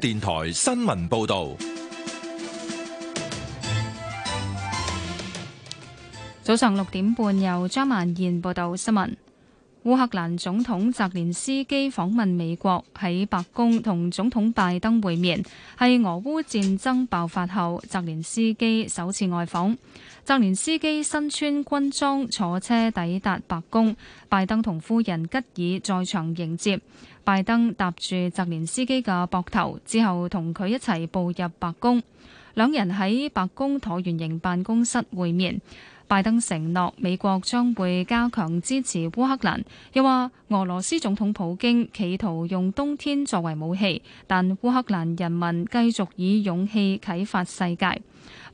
電台新聞報道。早上六點半由，由張文彥報道新聞。烏克蘭總統澤連斯基訪問美國，喺白宮同總統拜登會面，係俄烏戰爭爆發後，澤連斯基首次外訪。澤連斯基身穿軍裝坐車抵達白宮，拜登同夫人吉爾在場迎接。拜登搭住澤連斯基嘅膊頭，之後同佢一齊步入白宮，兩人喺白宮橢圓形辦公室會面。拜登承諾美國將會加強支持烏克蘭，又話俄羅斯總統普京企圖用冬天作為武器，但烏克蘭人民繼續以勇氣啟發世界。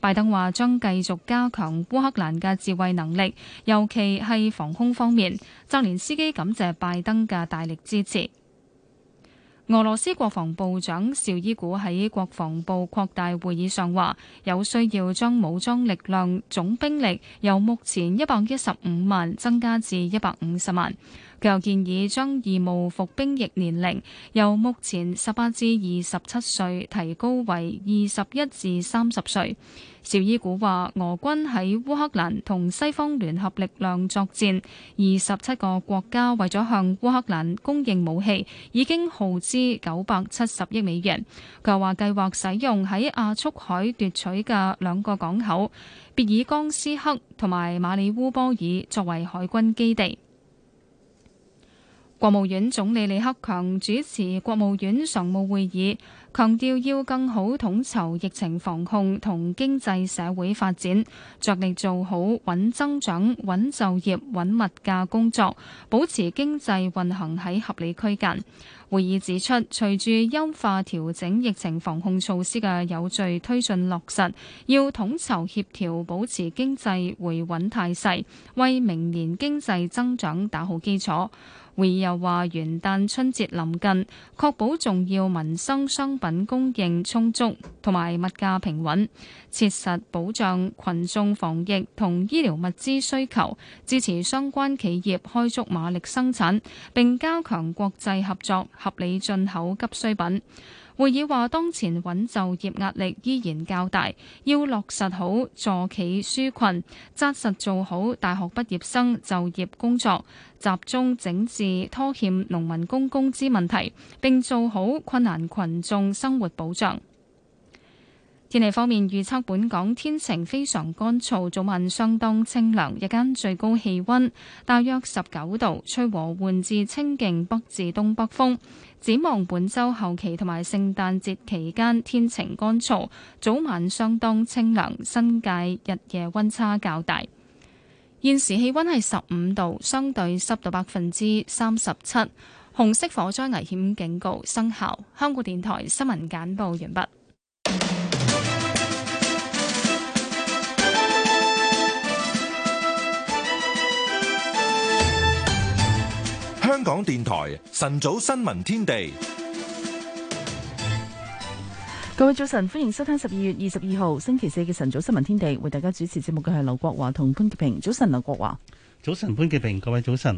拜登話將繼續加強烏克蘭嘅自衛能力，尤其係防空方面。澤連斯基感謝拜登嘅大力支持。俄羅斯國防部長紹伊古喺國防部擴大會議上話，有需要將武裝力量總兵力由目前一百一十五萬增加至一百五十萬。又建議將義務服兵役年齡由目前十八至二十七歲提高為二十一至三十歲。邵伊古話：俄軍喺烏克蘭同西方聯合力量作戰，二十七個國家為咗向烏克蘭供應武器，已經耗資九百七十億美元。佢又話：計劃使用喺亞速海奪取嘅兩個港口別爾江斯克同埋馬里烏波爾作為海軍基地。國務院總理李克強主持國務院常務會議，強調要更好統籌疫情防控同經濟社會發展，着力做好穩增長、穩就業、穩物價工作，保持經濟運行喺合理區間。會議指出，隨住優化調整疫情防控措施嘅有序推進落實，要統籌協調，保持經濟回穩態勢，為明年經濟增長打好基礎。會議又話：元旦春節臨近，確保重要民生商品供應充足，同埋物價平穩，切實保障群眾防疫同醫療物資需求，支持相關企業開足馬力生產，並加強國際合作，合理進口急需品。會議話，當前穩就業壓力依然較大，要落實好助企紓困，紮實做好大學畢業生就業工作，集中整治拖欠農民工工資問題，並做好困難群眾生活保障。天氣方面預測，預測本港天晴非常乾燥，早晚相當清涼，日間最高氣温大約十九度，吹和緩至清勁北至東北風。展望本周後期同埋聖誕節期間天晴乾燥，早晚相當清涼，新界日夜溫差較大。現時氣溫係十五度，相對濕度百分之三十七，紅色火災危險警告生效。香港電台新聞簡報完畢。香港電台晨早新聞天地，各位早晨，歡迎收聽十二月二十二號星期四嘅晨早新聞天地，為大家主持節目嘅係劉國華同潘潔平。早晨，劉國華。早晨，潘潔平，各位早晨。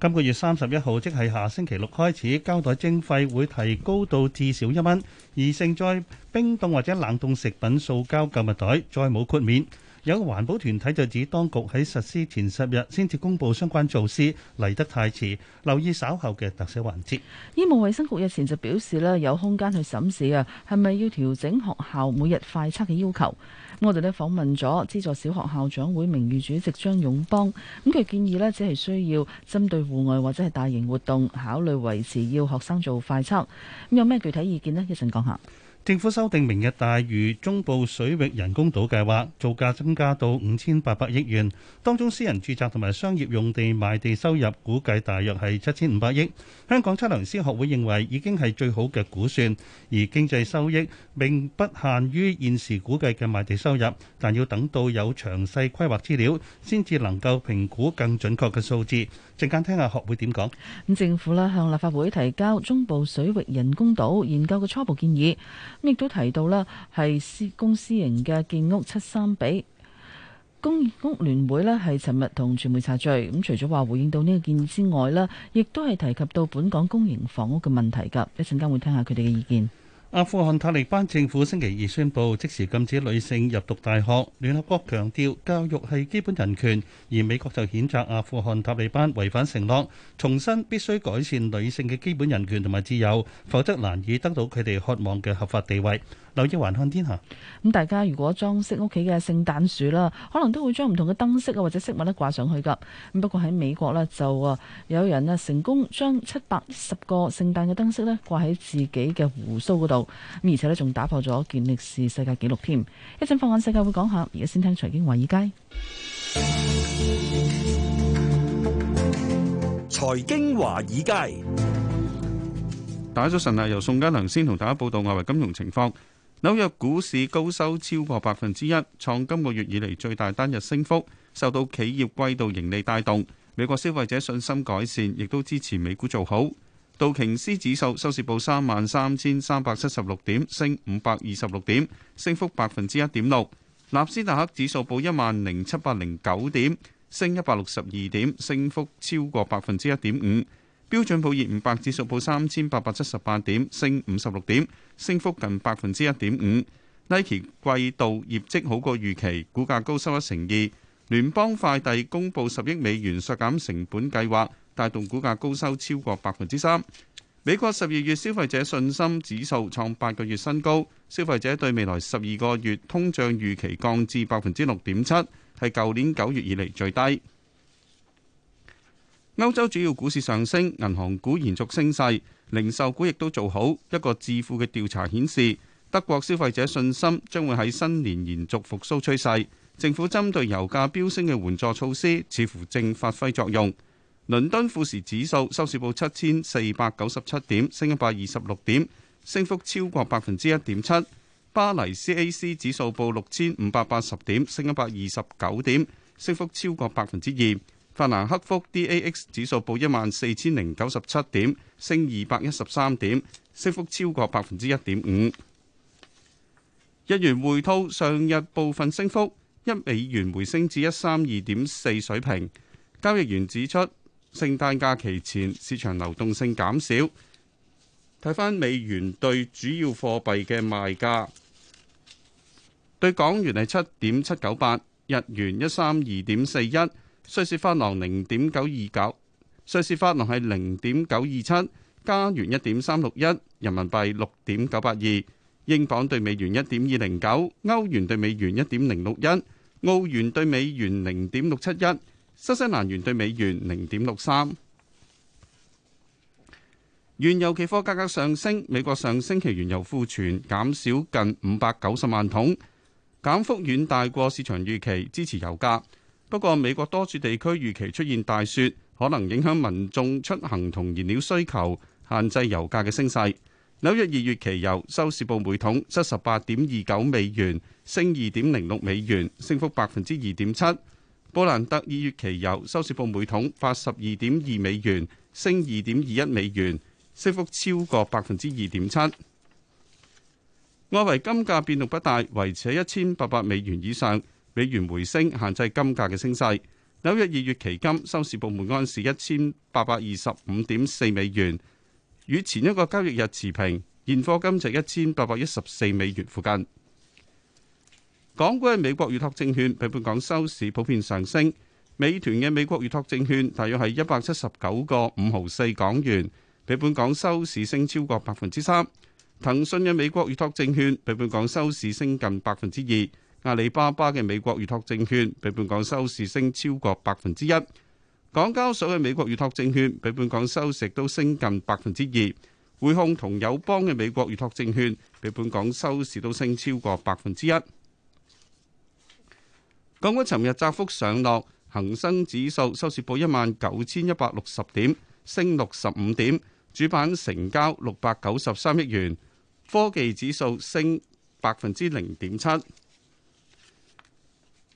今個月三十一號，即係下星期六開始，膠袋徵費會提高到至少一蚊，而盛載冰凍或者冷凍食品塑膠購物袋再冇豁免。有個環保團體就指，當局喺實施前十日先至公佈相關措施，嚟得太遲。留意稍後嘅特色環節。醫務衞生局日前就表示呢，有空間去審視啊，係咪要調整學校每日快測嘅要求。我哋咧訪問咗資助小學校長會名譽主席張勇邦，咁佢建議呢，只係需要針對戶外或者係大型活動考慮維持要學生做快測。咁有咩具體意見呢？講一陣講下。政府修訂明日大嶼中部水域人工島計劃造價增加到五千八百億元，當中私人住宅同埋商業用地賣地收入估計大約係七千五百億。香港測量師學會認為已經係最好嘅估算，而經濟收益並不限於現時估計嘅賣地收入，但要等到有詳細規劃資料先至能夠評估更準確嘅數字。陣間聽下學會點講。政府咧向立法會提交中部水域人工島研究嘅初步建議。亦都提到啦，係私公私營嘅建屋七三比，公屋聯會咧係尋日同傳媒茶聚，咁除咗話回應到呢個建議之外咧，亦都係提及到本港公營房屋嘅問題噶，一陣間會聽下佢哋嘅意見。阿富汗塔利班政府星期二宣布，即時禁止女性入讀大學，聯合國強調教育係基本人權，而美國就譴責阿富汗塔利班違反承諾，重申必須改善女性嘅基本人權同埋自由，否則難以得到佢哋渴望嘅合法地位。有一環看天下。咁大家如果裝飾屋企嘅聖誕樹啦，可能都會將唔同嘅燈飾啊或者飾物咧掛上去噶。咁不過喺美國呢，就啊，有人啊成功將七百一十個聖誕嘅燈飾咧掛喺自己嘅鬍鬚嗰度。咁而且咧仲打破咗健力士世界紀錄添。一陣放眼世界會講下，而家先聽財經華爾街。財經華爾街。大家早晨啊！由宋嘉能先同大家報道外圍金融情況。紐約股市高收超過百分之一，創今個月以嚟最大單日升幅，受到企業季度盈利帶動。美國消費者信心改善，亦都支持美股做好。道瓊斯指數收市報三萬三千三百七十六點，升五百二十六點，升幅百分之一點六。納斯達克指數報一萬零七百零九點，升一百六十二點，升幅超過百分之一點五。標準普爾五百指數報三千八百七十八點，升五十六點，升幅近百分之一點五。Nike 季度業績好過預期，股價高收一成二。聯邦快遞公布十億美元削減成本計劃，帶動股價高收超過百分之三。美國十二月消費者信心指數創八個月新高，消費者對未來十二個月通脹預期降至百分之六點七，係舊年九月以嚟最低。歐洲主要股市上升，銀行股延續升勢，零售股亦都做好。一個智庫嘅調查顯示，德國消費者信心將會喺新年延續復甦趨勢。政府針對油價飆升嘅援助措施似乎正發揮作用。倫敦富時指數收市報七千四百九十七點，升一百二十六點，升幅超過百分之一點七。巴黎 CAC 指數報六千五百八十點，升一百二十九點，升幅超過百分之二。法蘭克福 DAX 指數報一萬四千零九十七點，升二百一十三點，升幅超過百分之一點五。日元回吐上日部分升幅，一美元回升至一三二點四水平。交易員指出，聖誕假期前市場流動性減少。睇返美元對主要貨幣嘅賣價，對港元係七點七九八，日元一三二點四一。瑞士法郎零點九二九，瑞士法郎係零點九二七，加元一點三六一，人民幣六點九八二，英鎊兌美元一點二零九，歐元兌美元一點零六一，澳元兌美元零點六七一，新西蘭元兌美元零點六三。原油期貨價格上升，美國上星期原油庫存減少近五百九十萬桶，減幅遠大過市場預期，支持油價。不過，美國多處地區預期出現大雪，可能影響民眾出行同燃料需求，限制油價嘅升勢。紐約二月期油收市報每桶七十八點二九美元，升二點零六美元，升幅百分之二點七。布蘭特二月期油收市報每桶八十二點二美元，升二點二一美元，升幅超過百分之二點七。外圍金價變動不大，維持喺一千八百美元以上。美元回升，限制金價嘅升勢。紐約二月期金收市報每安士一千八百二十五點四美元，與前一個交易日持平。現貨金就一千八百一十四美元附近。港股嘅美國預託證券，比本港收市普遍上升。美團嘅美國預託證券大約係一百七十九個五毫四港元，比本港收市升超過百分之三。騰訊嘅美國預託證券比本港收市升近百分之二。阿里巴巴嘅美國預託證券比本港收市升超過百分之一，港交所嘅美國預託證券比本港收市都升近百分之二。匯控同友邦嘅美國預託證券比本港收市都升超過百分之一。港股尋日窄幅上落，恒生指數收市報一萬九千一百六十點，升六十五點，主板成交六百九十三億元，科技指數升百分之零點七。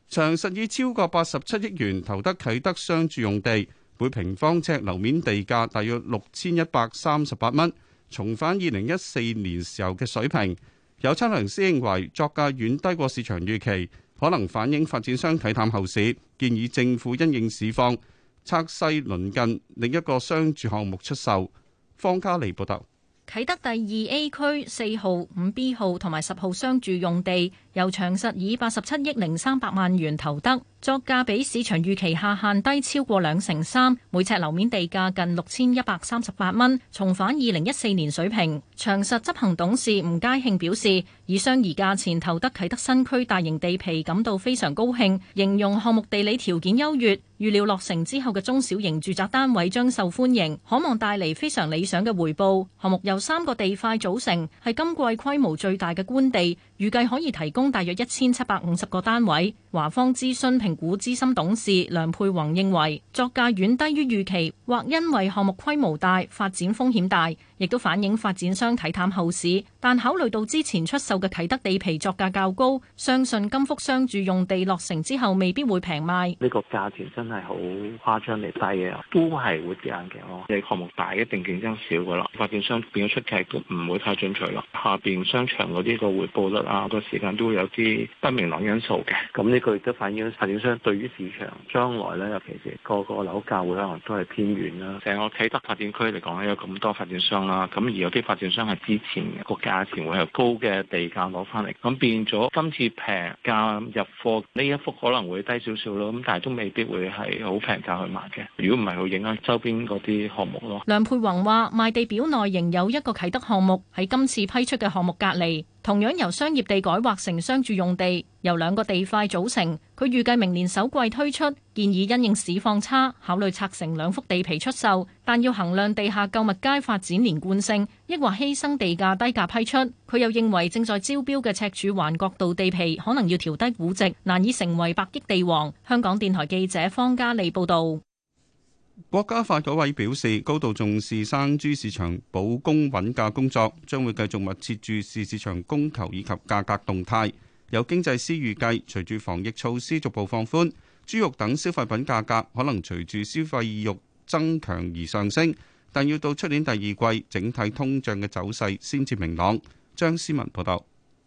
長實以超過八十七億元投得啟德商住用地，每平方尺樓面地價大約六千一百三十八蚊，重返二零一四年時候嘅水平。有測量師認為作價遠低過市場預期，可能反映發展商睇淡後市，建議政府因應市況拆細鄰近另一個商住項目出售。方家莉報道。啟德第二 A 區四號、五 B 號同埋十號商住用地由長實以八十七億零三百萬元投得，作價比市場預期下限低超過兩成三，每尺樓面地價近六千一百三十八蚊，重返二零一四年水平。長實執行董事吳佳慶表示，以相宜價錢投得啟德新區大型地皮，感到非常高興，形容項目地理條件優越，預料落成之後嘅中小型住宅單位將受歡迎，可望帶嚟非常理想嘅回報。項目由三個地塊組成，係今季規模最大嘅官地。預計可以提供大約一千七百五十個單位。華方諮詢評估資深董事梁佩宏認為作價遠低於預期，或因為項目規模大、發展風險大，亦都反映發展商睇淡後市。但考慮到之前出售嘅啟德地皮作價較高，相信金福商住用地落成之後未必會平賣。呢個價錢真係好誇張地低嘅，都係會跌眼鏡咯。你項目大一定競爭少噶啦，發展商變咗出劇都唔會太進取咯。下邊商場嗰啲個回報率。個時間都會有啲不明朗因素嘅，咁呢個亦都反映發展商對於市場將來咧，尤其係個個樓價會可能都係偏軟啦。成個啟德發展區嚟講咧，有咁多發展商啦，咁而有啲發展商係之前個價錢會係高嘅地價攞翻嚟，咁變咗今次平價入貨呢一幅可能會低少少咯。咁但係都未必會係好平價去買嘅。如果唔係，會影響周邊嗰啲項目咯。梁佩宏話：賣地表內仍有一個啟德項目喺今次批出嘅項目隔離。同樣由商業地改劃成商住用地，由兩個地塊組成。佢預計明年首季推出，建議因應市況差，考慮拆成兩幅地皮出售，但要衡量地下購物街發展連貫性，抑或犧牲地價低價批出。佢又認為正在招標嘅赤柱環角道地皮可能要調低估值，難以成為百億地王。香港電台記者方嘉利報導。國家發改委表示，高度重視生豬市場保供穩價工作，將會繼續密切注視市場供求以及價格動態。有經濟師預計，隨住防疫措施逐步放寬，豬肉等消費品價格可能隨住消費意欲增強而上升，但要到出年第二季整體通脹嘅走勢先至明朗。張思文報道。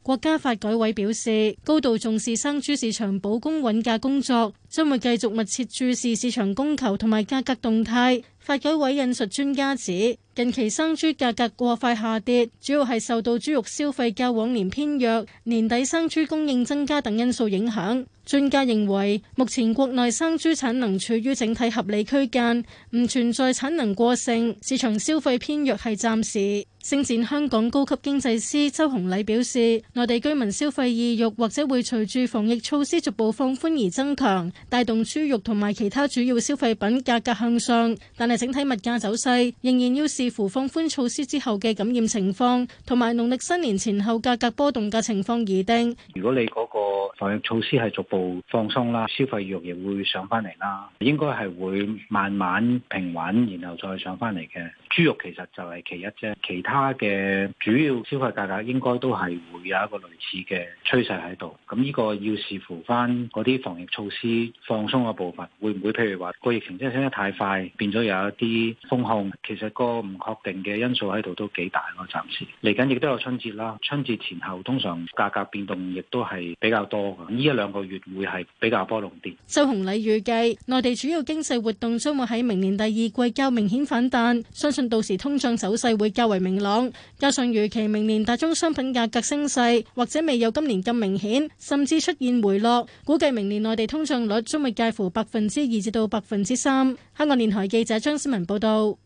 國家發改委表示，高度重視生豬市場保供穩價工作，將會繼續密切注視市場供求同埋價格動態。發改委引述專家指，近期生豬價格過快下跌，主要係受到豬肉消費較往年偏弱、年底生豬供應增加等因素影響。專家認為，目前國內生豬產能處於整體合理區間，唔存在產能過剩，市場消費偏弱係暫時。星展香港高級經濟師周洪禮表示，內地居民消費意欲或者會隨住防疫措施逐步放寬而增強，帶動豬肉同埋其他主要消費品價格向上。但係整體物價走勢仍然要視乎放寬措施之後嘅感染情況同埋農曆新年前後價格波動嘅情況而定。如果你嗰個防疫措施係逐步放鬆啦，消費欲亦會上翻嚟啦，應該係會慢慢平穩，然後再上翻嚟嘅。豬肉其實就係其一啫，其他嘅主要消費價格應該都係會有一個類似嘅趨勢喺度。咁呢個要視乎翻嗰啲防疫措施放鬆嘅部分，會唔會譬如話個疫情真係升得太快，變咗有一啲封控，其實個唔確定嘅因素喺度都幾大咯。暫時嚟緊亦都有春節啦，春節前後通常價格變動亦都係比較多嘅，呢一兩個月會係比較波動啲。周紅禮預計內地主要經濟活動將會喺明年第二季較明顯反彈。相信到時通脹走勢會較為明朗，加上預期明年大宗商品價格升勢或者未有今年咁明顯，甚至出現回落，估計明年內地通脹率將會介乎百分之二至到百分之三。香港電台記者張思文報道。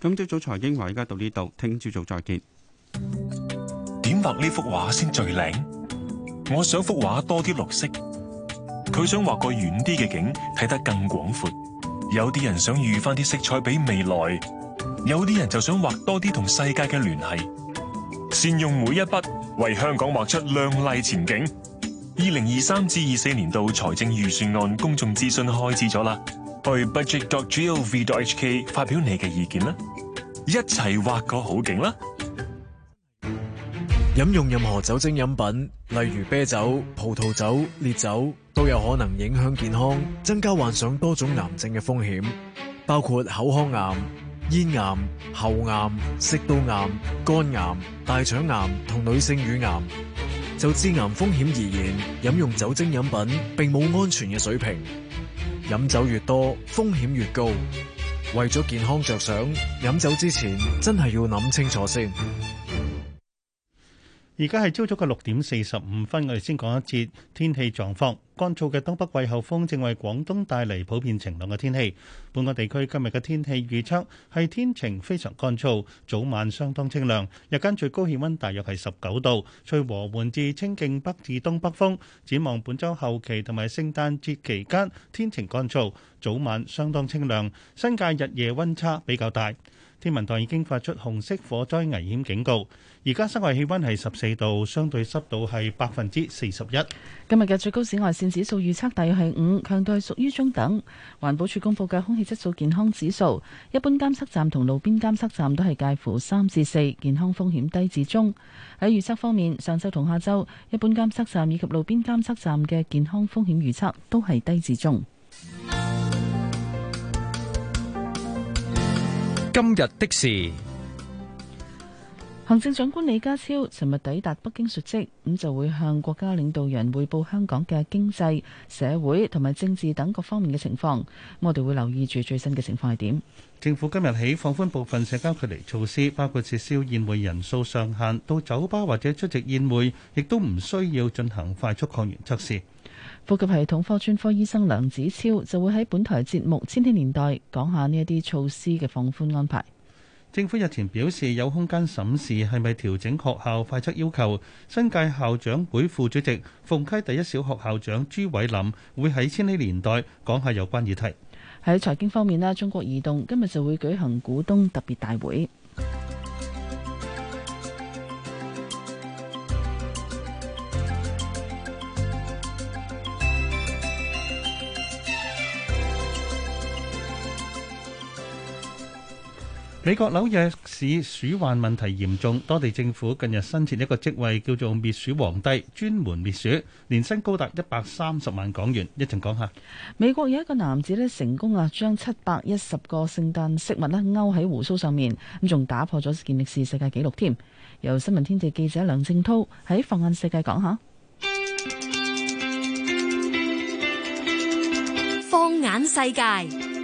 今朝早財經話依家到呢度，聽朝早再見。點畫呢幅畫先最靚？我想幅畫多啲綠色，佢想畫個遠啲嘅景，睇得更廣闊。有啲人想預返啲色彩俾未來。有啲人就想畫多啲同世界嘅聯繫，善用每一筆為香港畫出亮麗前景。二零二三至二四年度財政預算案公眾諮詢開始咗啦，去 budget.gov.hk 發表你嘅意見啦，一齊畫個好景啦！飲用任何酒精飲品，例如啤酒、葡萄酒、烈酒，都有可能影響健康，增加患上多種癌症嘅風險，包括口腔癌。咽癌、喉癌、食道癌、肝癌、大腸癌同女性乳癌，就致癌風險而言，飲用酒精飲品並冇安全嘅水平。飲酒越多，風險越高。為咗健康着想，飲酒之前真係要諗清楚先。而家係朝早嘅六點四十五分，我哋先講一節天氣狀況。乾燥嘅東北季候風正為廣東帶嚟普遍晴朗嘅天氣。本港地區今日嘅天氣預測係天晴非常乾燥，早晚相當清涼，日間最高氣溫大約係十九度，吹和緩至清勁北至東北風。展望本週後期同埋聖誕節期間，天晴乾燥，早晚相當清涼，新界日夜溫差比較大。天文台已經發出紅色火災危險警告，而家室外氣温係十四度，相對濕度係百分之四十一。今日嘅最高紫外線指數預測大約係五，強度係屬於中等。環保署公布嘅空氣質素健康指數，一般監測站同路邊監測站都係介乎三至四，健康風險低至中。喺預測方面，上週同下週，一般監測站以及路邊監測站嘅健康風險預測都係低至中。今日的事，行政長官李家超尋日抵達北京述職，咁就會向國家領導人匯報香港嘅經濟、社會同埋政治等各方面嘅情況。我哋會留意住最新嘅情況係點。政府今日起放寬部分社交距離措施，包括撤銷宴會人數上限，到酒吧或者出席宴會亦都唔需要進行快速抗原測試。呼吸系統科專科醫生梁子超就會喺本台節目《千禧年代》講下呢一啲措施嘅放寬安排。政府日前表示有空間審視係咪調整學校快測要求。新界校長會副主席鳳溪第一小學校長朱偉林會喺《千禧年代》講下有關議題。喺財經方面啦，中國移動今日就會舉行股東特別大會。美國紐約市鼠患問題嚴重，當地政府近日新設一個職位，叫做滅鼠皇帝，專門滅鼠，年薪高達一百三十萬港元。講一陣講下。美國有一個男子咧，成功啊，將七百一十個聖誕飾物咧，勾喺鬍鬚上面，咁仲打破咗健力士世界紀錄添。由新聞天地記者梁正濤喺放眼世界講下。放眼世界。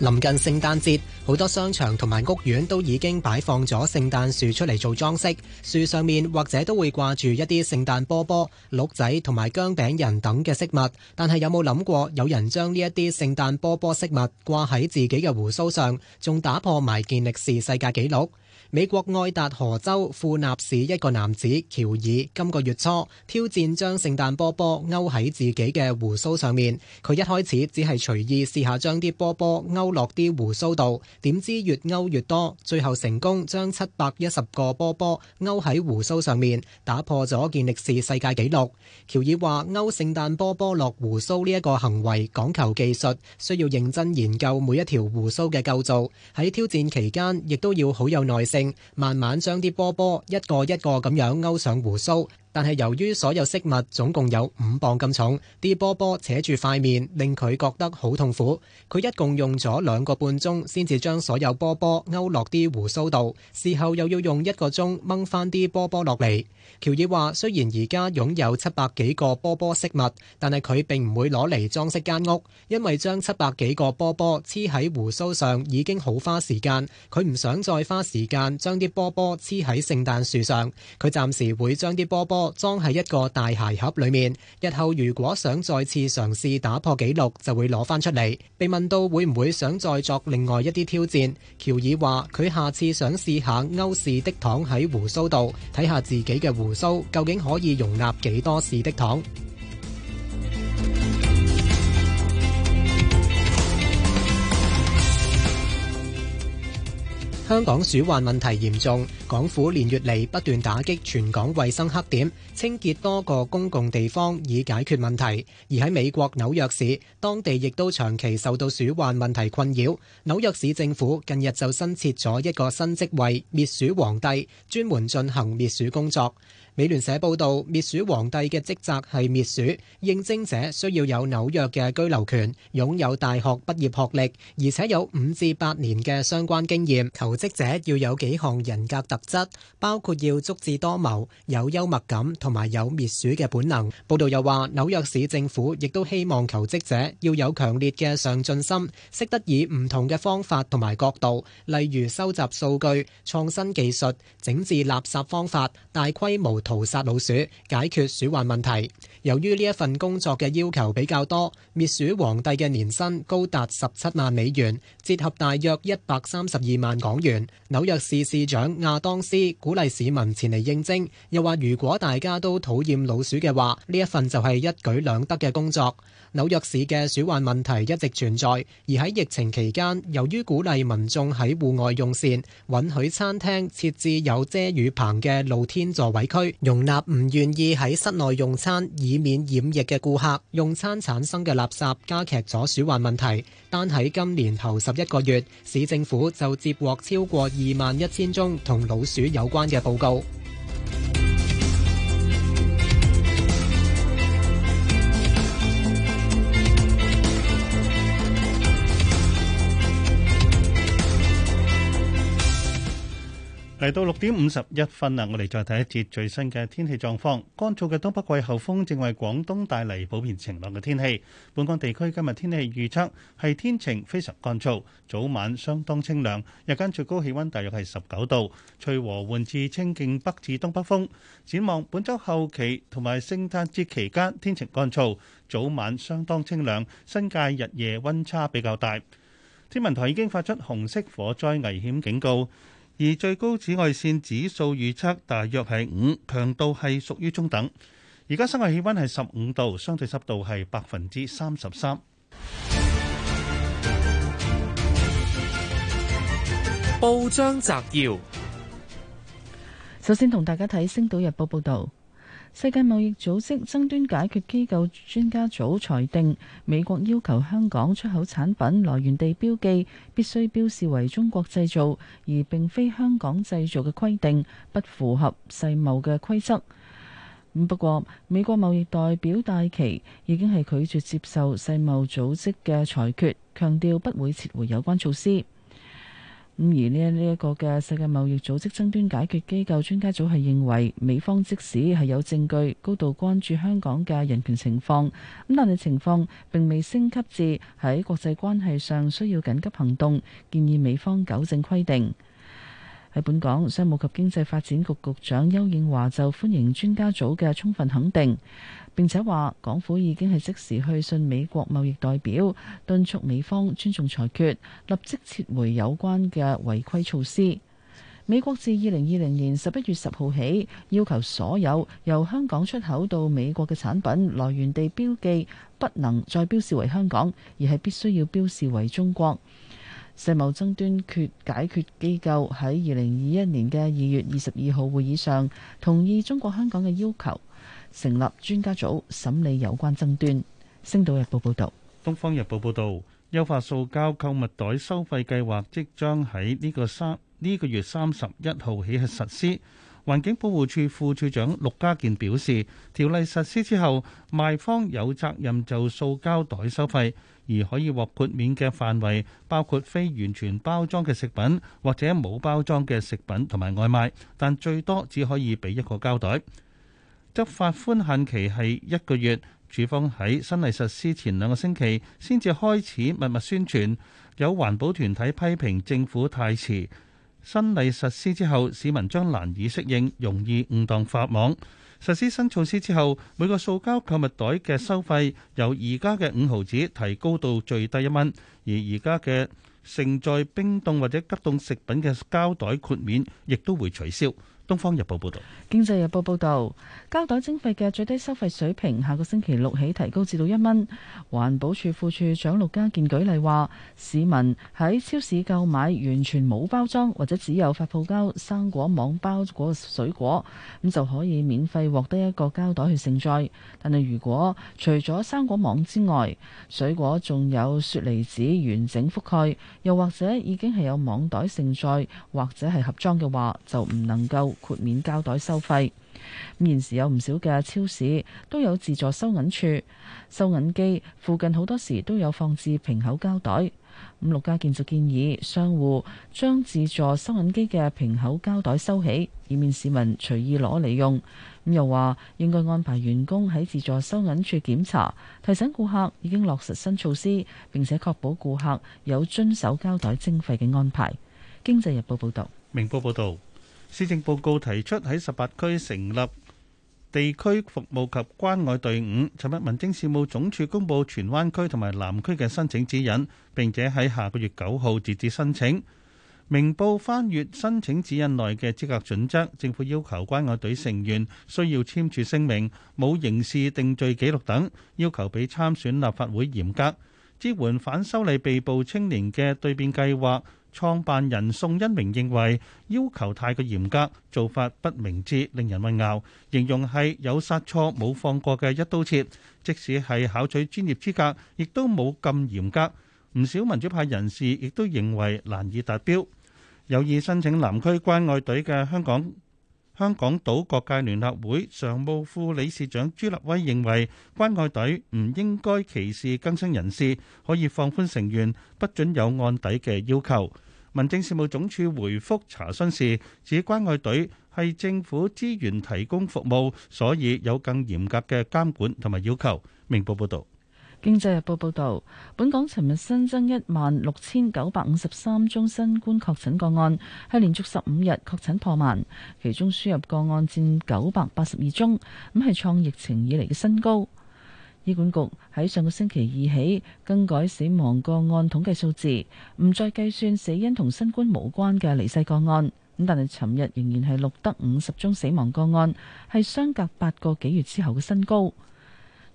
臨近聖誕節，好多商場同埋屋苑都已經擺放咗聖誕樹出嚟做裝飾，樹上面或者都會掛住一啲聖誕波波、鹿仔、同埋薑餅人等嘅飾物。但係有冇諗過？有人將呢一啲聖誕波波飾物掛喺自己嘅胡鬚上，仲打破埋健力士世界紀錄？美國愛達荷州富納市一個男子喬爾今個月初挑戰將聖誕波波勾喺自己嘅胡鬚上面。佢一開始只係隨意試下將啲波波勾落啲胡鬚度，點知越勾越多，最後成功將七百一十個波波勾喺胡鬚上面，打破咗健力士世界紀錄。喬爾話：勾聖誕波波落胡鬚呢一個行為講求技術，需要認真研究每一條胡鬚嘅構造，喺挑戰期間亦都要好有耐性。慢慢將啲波波一個一個咁樣勾上鬍鬚。但係由於所有飾物總共有五磅咁重，啲波波扯住塊面，令佢覺得好痛苦。佢一共用咗兩個半鐘先至將所有波波勾落啲鬍鬚度，事後又要用一個鐘掹翻啲波波落嚟。喬爾話：雖然而家擁有七百幾個波波飾物，但係佢並唔會攞嚟裝飾間屋，因為將七百幾個波波黐喺鬍鬚上已經好花時間，佢唔想再花時間將啲波波黐喺聖誕樹上。佢暫時會將啲波波裝喺一個大鞋盒裏面，日後如果想再次嘗試打破紀錄，就會攞返出嚟。被問到會唔會想再作另外一啲挑戰，喬爾話佢下次想試下歐式的糖喺鬍鬚度，睇下自己嘅鬍鬚究竟可以容納幾多士的糖。香港鼠患問題嚴重，港府連月嚟不斷打擊全港衛生黑點，清潔多個公共地方以解決問題。而喺美國紐約市，當地亦都長期受到鼠患問題困擾。紐約市政府近日就新設咗一個新職位——滅鼠皇帝，專門進行滅鼠工作。美聯社報道，滅鼠皇帝嘅職責係滅鼠。應徵者需要有紐約嘅居留權，擁有大學畢業學歷，而且有五至八年嘅相關經驗。求職者要有幾項人格特質，包括要足智多謀、有幽默感同埋有滅鼠嘅本能。報道又話，紐約市政府亦都希望求職者要有強烈嘅上進心，識得以唔同嘅方法同埋角度，例如收集數據、創新技術、整治垃圾方法、大規模屠殺老鼠，解決鼠患問題。由於呢一份工作嘅要求比較多，滅鼠皇帝嘅年薪高達十七萬美元，折合大約一百三十二萬港元。紐約市市長亞當斯鼓勵市民前嚟應徵，又話如果大家都討厭老鼠嘅話，呢一份就係一舉兩得嘅工作。紐約市嘅鼠患問題一直存在，而喺疫情期間，由於鼓勵民眾喺戶外用膳，允許餐廳設置有遮雨棚嘅露天座位區，容納唔願意喺室內用餐以免染疫嘅顧客，用餐產生嘅垃圾加劇咗鼠患問題。單喺今年頭十一個月，市政府就接獲超過二萬一千宗同老鼠有關嘅報告。嚟到六點五十一分啦，我哋再睇一節最新嘅天氣狀況。乾燥嘅東北季候風正為廣東帶嚟普遍晴朗嘅天氣。本港地區今日天氣預測係天晴，非常乾燥，早晚相當清涼。日間最高氣温大約係十九度，吹和緩至清勁北至東北風。展望本週後期同埋聖誕節期間，天晴乾燥，早晚相當清涼，新界日夜温差比較大。天文台已經發出紅色火災危險警告。而最高紫外線指數預測大約係五，強度係屬於中等。而家室外氣温係十五度，相對濕度係百分之三十三。報章摘要，首先同大家睇《星島日報》報導。世界貿易組織爭端解決機構專家組裁定，美國要求香港出口產品來源地標記必須標示為中國製造，而並非香港製造嘅規定，不符合世貿嘅規則。不過，美國貿易代表戴琪已經係拒絕接受世貿組織嘅裁決，強調不會撤回有關措施。咁而呢一呢一個嘅世界貿易組織爭端解決機構專家組係認為，美方即使係有證據高度關注香港嘅人權情況，咁但係情況並未升級至喺國際關係上需要緊急行動，建議美方糾正規定。喺本港，商務及經濟發展局局長邱騰華，就歡迎專家組嘅充分肯定，並且話港府已經係即時去信美國貿易代表，敦促美方尊重裁決，立即撤回有關嘅違規措施。美國自二零二零年十一月十號起，要求所有由香港出口到美國嘅產品，來源地標記不能再標示為香港，而係必須要標示為中國。世貿爭端決解決機構喺二零二一年嘅二月二十二號會議上，同意中國香港嘅要求，成立專家組審理有關爭端。星島日報報道：「東方日報報道，優化塑膠購物袋收費計劃即將喺呢個三呢、呢個月三十一號起實施。」環境保護署副署長陸家健表示，條例實施之後，賣方有責任就塑膠袋收費。而可以獲豁免嘅範圍包括非完全包裝嘅食品或者冇包裝嘅食品同埋外賣，但最多只可以俾一個膠袋。執法寬限期係一個月，處方喺新例實施前兩個星期先至開始密密宣傳。有環保團體批評政府太遲，新例實施之後市民將難以適應，容易誤當法網。實施新措施之後，每個塑膠購物袋嘅收費由而家嘅五毫紙提高到最低一蚊，而而家嘅盛載冰凍或者急凍食品嘅膠袋豁免亦都會取消。《東方日報》報導，《經濟日報》報導，膠袋徵費嘅最低收費水平下個星期六起提高至到一蚊。環保署副署長陸家健舉例話：市民喺超市購買完全冇包裝或者只有發泡膠、生果網包裹水果，咁就可以免費獲得一個膠袋去盛載。但係如果除咗生果網之外，水果仲有雪梨紙完整覆蓋，又或者已經係有網袋盛載或者係盒裝嘅話，就唔能夠豁免膠袋收費。咁，現時有唔少嘅超市都有自助收銀處，收銀機附近好多時都有放置瓶口膠袋。五六家建築建議商戶將自助收銀機嘅瓶口膠袋收起，以免市民隨意攞嚟用。咁又話應該安排員工喺自助收銀處檢查，提醒顧客已經落實新措施，並且確保顧客有遵守膠袋徵費嘅安排。經濟日報報導，明報報導。施政報告提出喺十八區成立地區服務及關愛隊伍。尋日民政事務總署公布荃灣區同埋南區嘅申請指引，並且喺下個月九號截止申請。明報翻閲申請指引內嘅資格準則，政府要求關愛隊成員需要簽署聲明，冇刑事定罪記錄等，要求比參選立法會嚴格。支援反修例被捕青年嘅對辯計劃。創辦人宋恩榮認為要求太過嚴格，做法不明智，令人混淆，形容係有殺錯冇放過嘅一刀切。即使係考取專業資格，亦都冇咁嚴格。唔少民主派人士亦都認為難以達標。有意申請南區關愛隊嘅香港。香港島各界聯合會常務副理事長朱立威認為，關愛隊唔應該歧視更生人士，可以放寬成員不准有案底嘅要求。民政事務總署回覆查詢時指，關愛隊係政府資源提供服務，所以有更嚴格嘅監管同埋要求。明報報道。經濟日報報道，本港尋日新增一萬六千九百五十三宗新冠確診個案，係連續十五日確診破萬，其中輸入個案佔九百八十二宗，咁係創疫情以嚟嘅新高。醫管局喺上個星期二起更改死亡個案統計數字，唔再計算死因同新冠無關嘅離世個案，咁但係尋日仍然係錄得五十宗死亡個案，係相隔八個幾月之後嘅新高。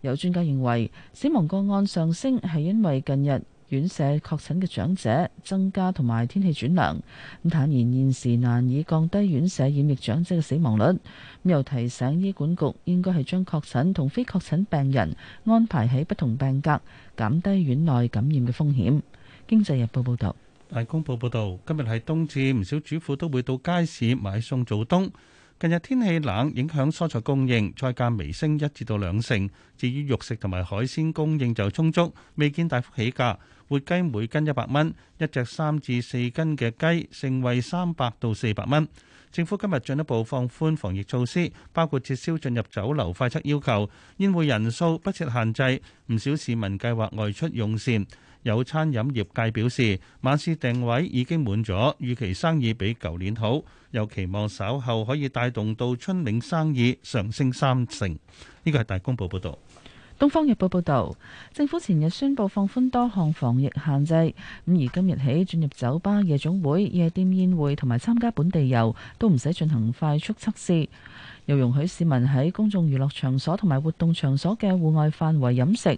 有專家認為，死亡個案上升係因為近日院舍確診嘅長者增加同埋天氣轉涼。咁坦言現時難以降低院舍染疫長者嘅死亡率。咁又提醒醫管局應該係將確診同非確診病人安排喺不同病格，減低院內感染嘅風險。經濟日報報道，大公報報道，今日係冬至，唔少主婦都會到街市買餸做冬。近日天氣冷，影響蔬菜供應，菜價微升一至到兩成。至於肉食同埋海鮮供應就充足，未見大幅起價。活雞每斤一百蚊，一隻三至四斤嘅雞，盛惠三百到四百蚊。政府今日進一步放寬防疫措施，包括撤銷進入酒樓快測要求，宴會人數不設限制。唔少市民計劃外出用膳。有餐飲業界表示，晚市訂位已經滿咗，預期生意比舊年好，又期望稍後可以帶動到春茗生意上升三成。呢個係大公報報導，《東方日報》報導，政府前日宣布放寬多項防疫限制，咁而今日起進入酒吧、夜總會、夜店、宴會同埋參加本地遊都唔使進行快速測試，又容許市民喺公眾娛樂場所同埋活動場所嘅戶外範圍飲食。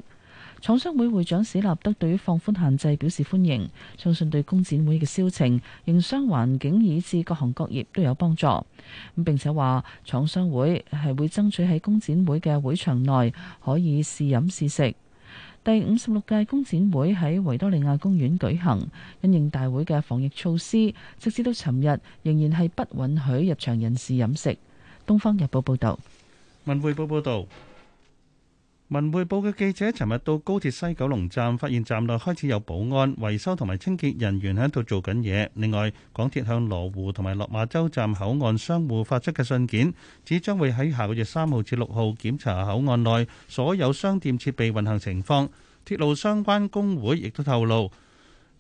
廠商會會長史立德對於放寬限制表示歡迎，相信對工展會嘅銷情、營商環境以至各行各業都有幫助。咁並且話，廠商會係會爭取喺工展會嘅會場內可以試飲試食。第五十六屆工展會喺維多利亞公園舉行，因應大會嘅防疫措施，直至到尋日仍然係不允許入場人士飲食。東方日報報道，文匯報報道。文匯報嘅記者尋日到高鐵西九龍站，發現站內開始有保安、維修同埋清潔人員喺度做緊嘢。另外，港鐵向羅湖同埋落馬洲站口岸商戶發出嘅信件，指將會喺下個月三號至六號檢查口岸內所有商店設備運行情況。鐵路相關工會亦都透露，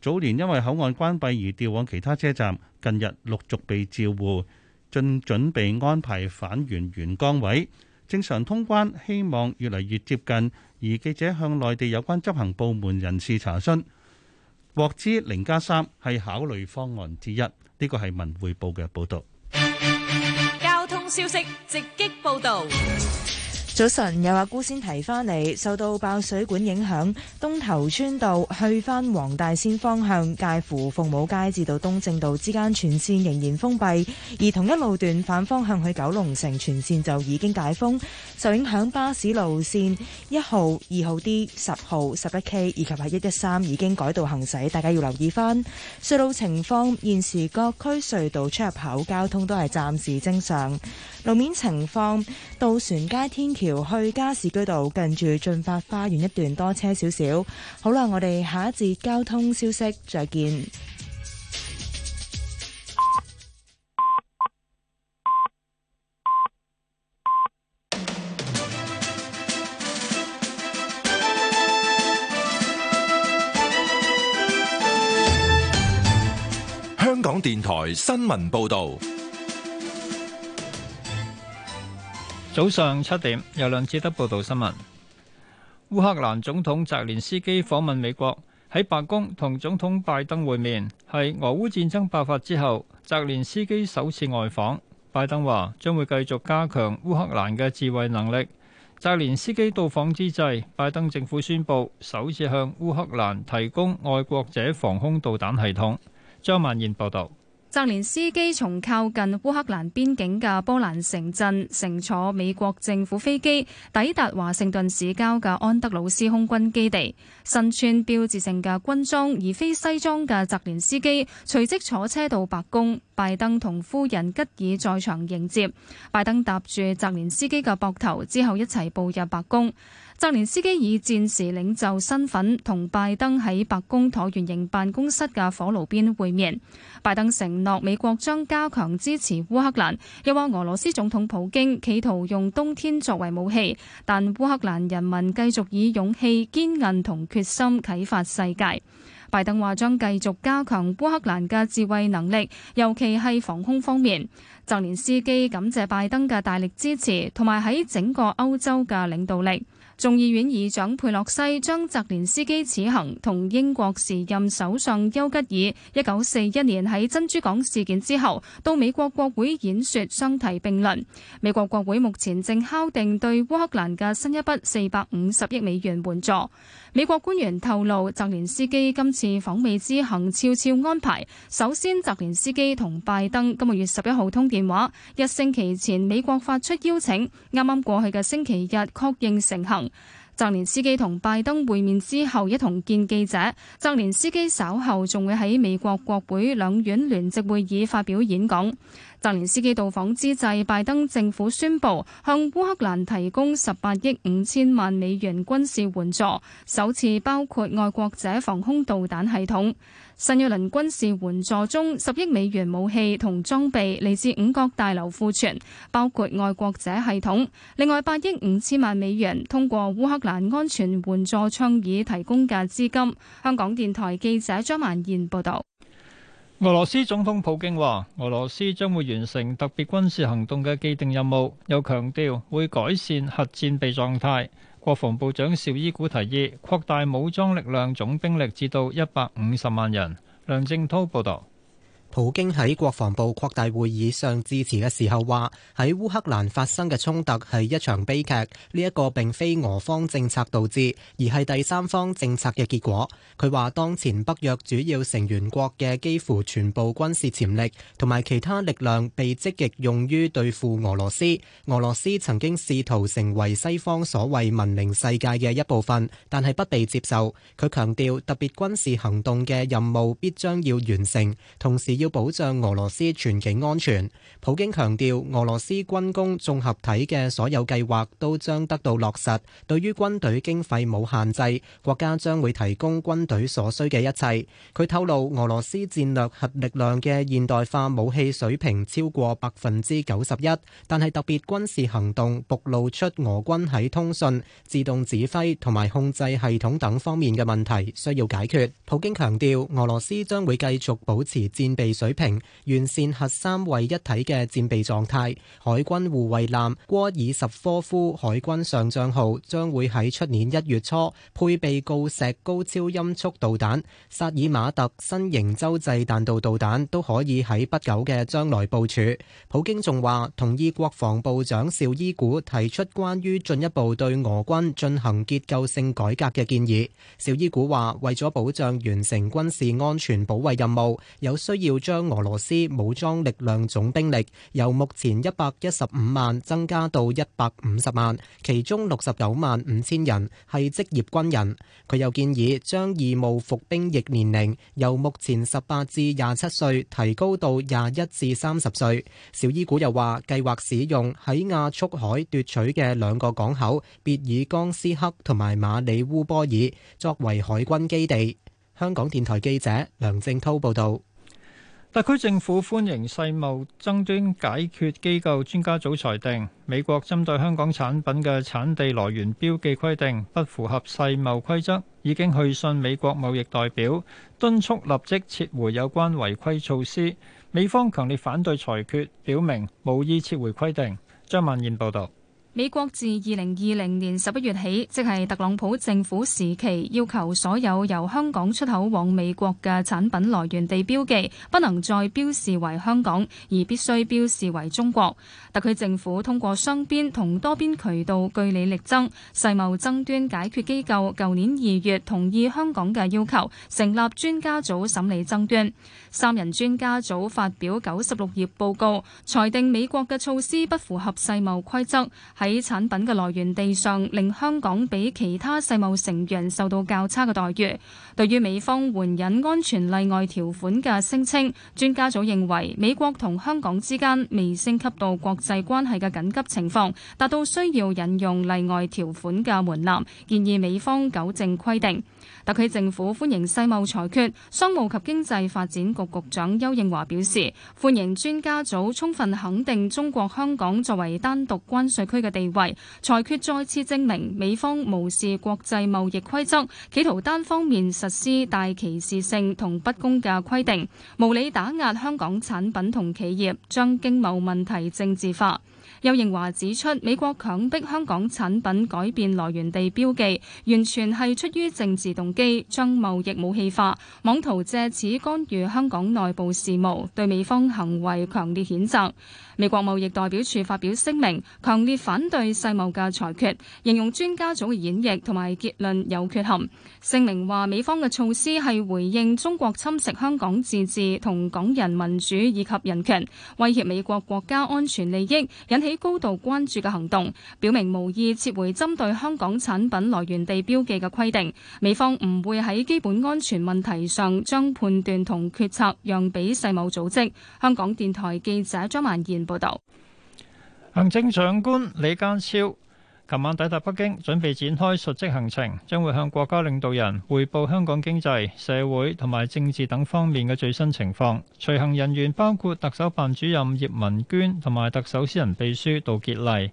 早年因為口岸關閉而調往其他車站，近日陸續被召回，正準備安排返原原崗位。正常通關，希望越嚟越接近。而記者向內地有關執行部門人士查詢，獲知零加三係考慮方案之一。呢個係文匯報嘅報道。交通消息直擊報道。早晨，有阿姑先提翻嚟。受到爆水管影響，東頭村道去返黃大仙方向介乎鳳舞街至到東正道之間全線仍然封閉，而同一路段反方向去九龍城全線就已經解封。受影響巴士路線一號二號 D 號、十號十一 K 以及係一一三已經改道行駛，大家要留意翻隧道情況。現時各區隧道出入口交通都係暫時正常。路面情況，渡船街天橋。去加士居道近住駿發花園一段多車少少，好啦，我哋下一節交通消息再見。香港電台新聞報道。早上七點，由梁志德報道新聞。烏克蘭總統澤連斯基訪問美國，喺白宮同總統拜登會面，係俄烏戰爭爆發之後，澤連斯基首次外訪。拜登話將會繼續加強烏克蘭嘅自衛能力。澤連斯基到訪之際，拜登政府宣布首次向烏克蘭提供愛國者防空導彈系統。張萬燕報道。澤連斯基從靠近烏克蘭邊境嘅波蘭城鎮乘坐美國政府飛機抵達華盛頓市郊嘅安德魯斯空軍基地，身穿標誌性嘅軍裝而非西裝嘅澤連斯基隨即坐車到白宮，拜登同夫人吉爾在場迎接，拜登搭住澤連斯基嘅膊頭之後一齊步入白宮。澤連斯基以戰時領袖身份同拜登喺白宮橢圓形辦公室嘅火爐邊會面。拜登承諾美國將加強支持烏克蘭，又話俄羅斯總統普京企圖用冬天作為武器，但烏克蘭人民繼續以勇氣、堅韌同決心啟發世界。拜登話將繼續加強烏克蘭嘅自衛能力，尤其係防空方面。澤連斯基感謝拜登嘅大力支持同埋喺整個歐洲嘅領導力。眾議院議長佩洛西將澤連斯基此行同英國時任首相丘吉爾一九四一年喺珍珠港事件之後到美國國會演說相提並論。美國國會目前正敲定對烏克蘭嘅新一筆四百五十億美元援助。美國官員透露，澤連斯基今次訪美之行悄悄安排。首先，澤連斯基同拜登今個月十一號通電話，一星期前美國發出邀請，啱啱過去嘅星期日確認成行。澤連斯基同拜登會面之後，一同見記者。澤連斯基稍後仲會喺美國國會兩院聯席會議發表演講。澤連斯基到訪之際，拜登政府宣布向烏克蘭提供十八億五千萬美元軍事援助，首次包括愛國者防空導彈系統。新一輪軍事援助中，十億美元武器同裝備嚟自五角大樓庫存，包括愛國者系統。另外，八億五千萬美元通過烏克蘭安全援助倡議提供嘅資金。香港電台記者張曼燕報導。俄羅斯總統普京話：俄羅斯將會完成特別軍事行動嘅既定任務，又強調會改善核戰備狀態。國防部長邵伊古提議擴大武裝力量，總兵力至到一百五十萬人。梁正濤報道。普京喺國防部擴大會議上致辭嘅時候話：喺烏克蘭發生嘅衝突係一場悲劇，呢一個並非俄方政策導致，而係第三方政策嘅結果。佢話當前北約主要成員國嘅幾乎全部軍事潛力同埋其他力量被積極用於對付俄羅斯。俄羅斯曾經試圖成為西方所謂文明世界嘅一部分，但係不被接受。佢強調特別軍事行動嘅任務必將要完成，同時要。保障俄羅斯全境安全，普京強調俄羅斯軍工綜合體嘅所有計劃都將得到落實。對於軍隊經費冇限制，國家將會提供軍隊所需嘅一切。佢透露俄羅斯戰略核力量嘅現代化武器水平超過百分之九十一，但係特別軍事行動暴露出俄軍喺通訊、自動指揮同埋控制系統等方面嘅問題需要解決。普京強調俄羅斯將會繼續保持戰備。水平，完善核三位一體嘅戰備狀態。海軍護衛艦戈爾什科夫海軍上將號將會喺出年一月初配備鋯石高超音速導彈，薩爾馬特新型洲際彈道導彈都可以喺不久嘅將來部署。普京仲話同意國防部長邵伊古提出關於進一步對俄軍進行結構性改革嘅建議，邵伊古話為咗保障完成軍事安全保衛任務有需要，將俄羅斯武裝力量總兵力由目前一百一十五萬增加到一百五十萬，其中六十九萬五千人係職業軍人。佢又建議將義務服兵役年齡由目前十八至廿七歲提高到廿一至三十歲。紹伊古又話，計劃使用喺亞速海奪取嘅兩個港口別爾江斯克同埋馬里烏波爾作為海軍基地。香港電台記者梁正濤報道。特區政府歡迎世貿爭端解決機構專家組裁定，美國針對香港產品嘅產地來源標記規定不符合世貿規則，已經去信美國貿易代表，敦促立即撤回有關違規措施。美方強烈反對裁決，表明無意撤回規定。張曼燕報導。美國自二零二零年十一月起，即係特朗普政府時期，要求所有由香港出口往美國嘅產品來源地標記，不能再標示為香港，而必須標示為中國。特區政府通過雙邊同多邊渠道據理力爭，世貿爭端解決機構舊年二月同意香港嘅要求，成立專家組審理爭端。三人專家組發表九十六頁報告，裁定美國嘅措施不符合世貿規則，喺產品嘅來源地上令香港比其他世貿成員受到較差嘅待遇。對於美方援引安全例外條款嘅聲稱，專家組認為美國同香港之間未升級到國際關係嘅緊急情況，達到需要引用例外條款嘅門檻，建議美方糾正規定。特區政府歡迎世貿裁決，商務及經濟發展局局長邱應華表示，歡迎專家組充分肯定中國香港作為單獨關稅區嘅地位，裁決再次證明美方無視國際貿易規則，企圖單方面實施大歧視性同不公嘅規定，無理打壓香港產品同企業，將經貿問題政治化。邱應樺指出，美國強迫香港產品改變來源地標記，完全係出於政治動機，將貿易武器化，妄圖借此干預香港內部事務。對美方行為強烈譴責。美國貿易代表處發表聲明，強烈反對世貿嘅裁決，形容專家組嘅演繹同埋結論有缺陷。聲明話，美方嘅措施係回應中國侵蝕香港自治、同港人民主以及人權，威脅美國國家安全利益，引起。高度關注嘅行動，表明無意撤回針對香港產品來源地標記嘅規定。美方唔會喺基本安全問題上將判斷同決策讓俾世貿組織。香港電台記者張曼燕報導。行政長官李家超。琴晚抵達北京，準備展開述職行程，將會向國家領導人匯報香港經濟、社會同埋政治等方面嘅最新情況。隨行人員包括特首辦主任葉文娟同埋特首私人秘書杜傑麗。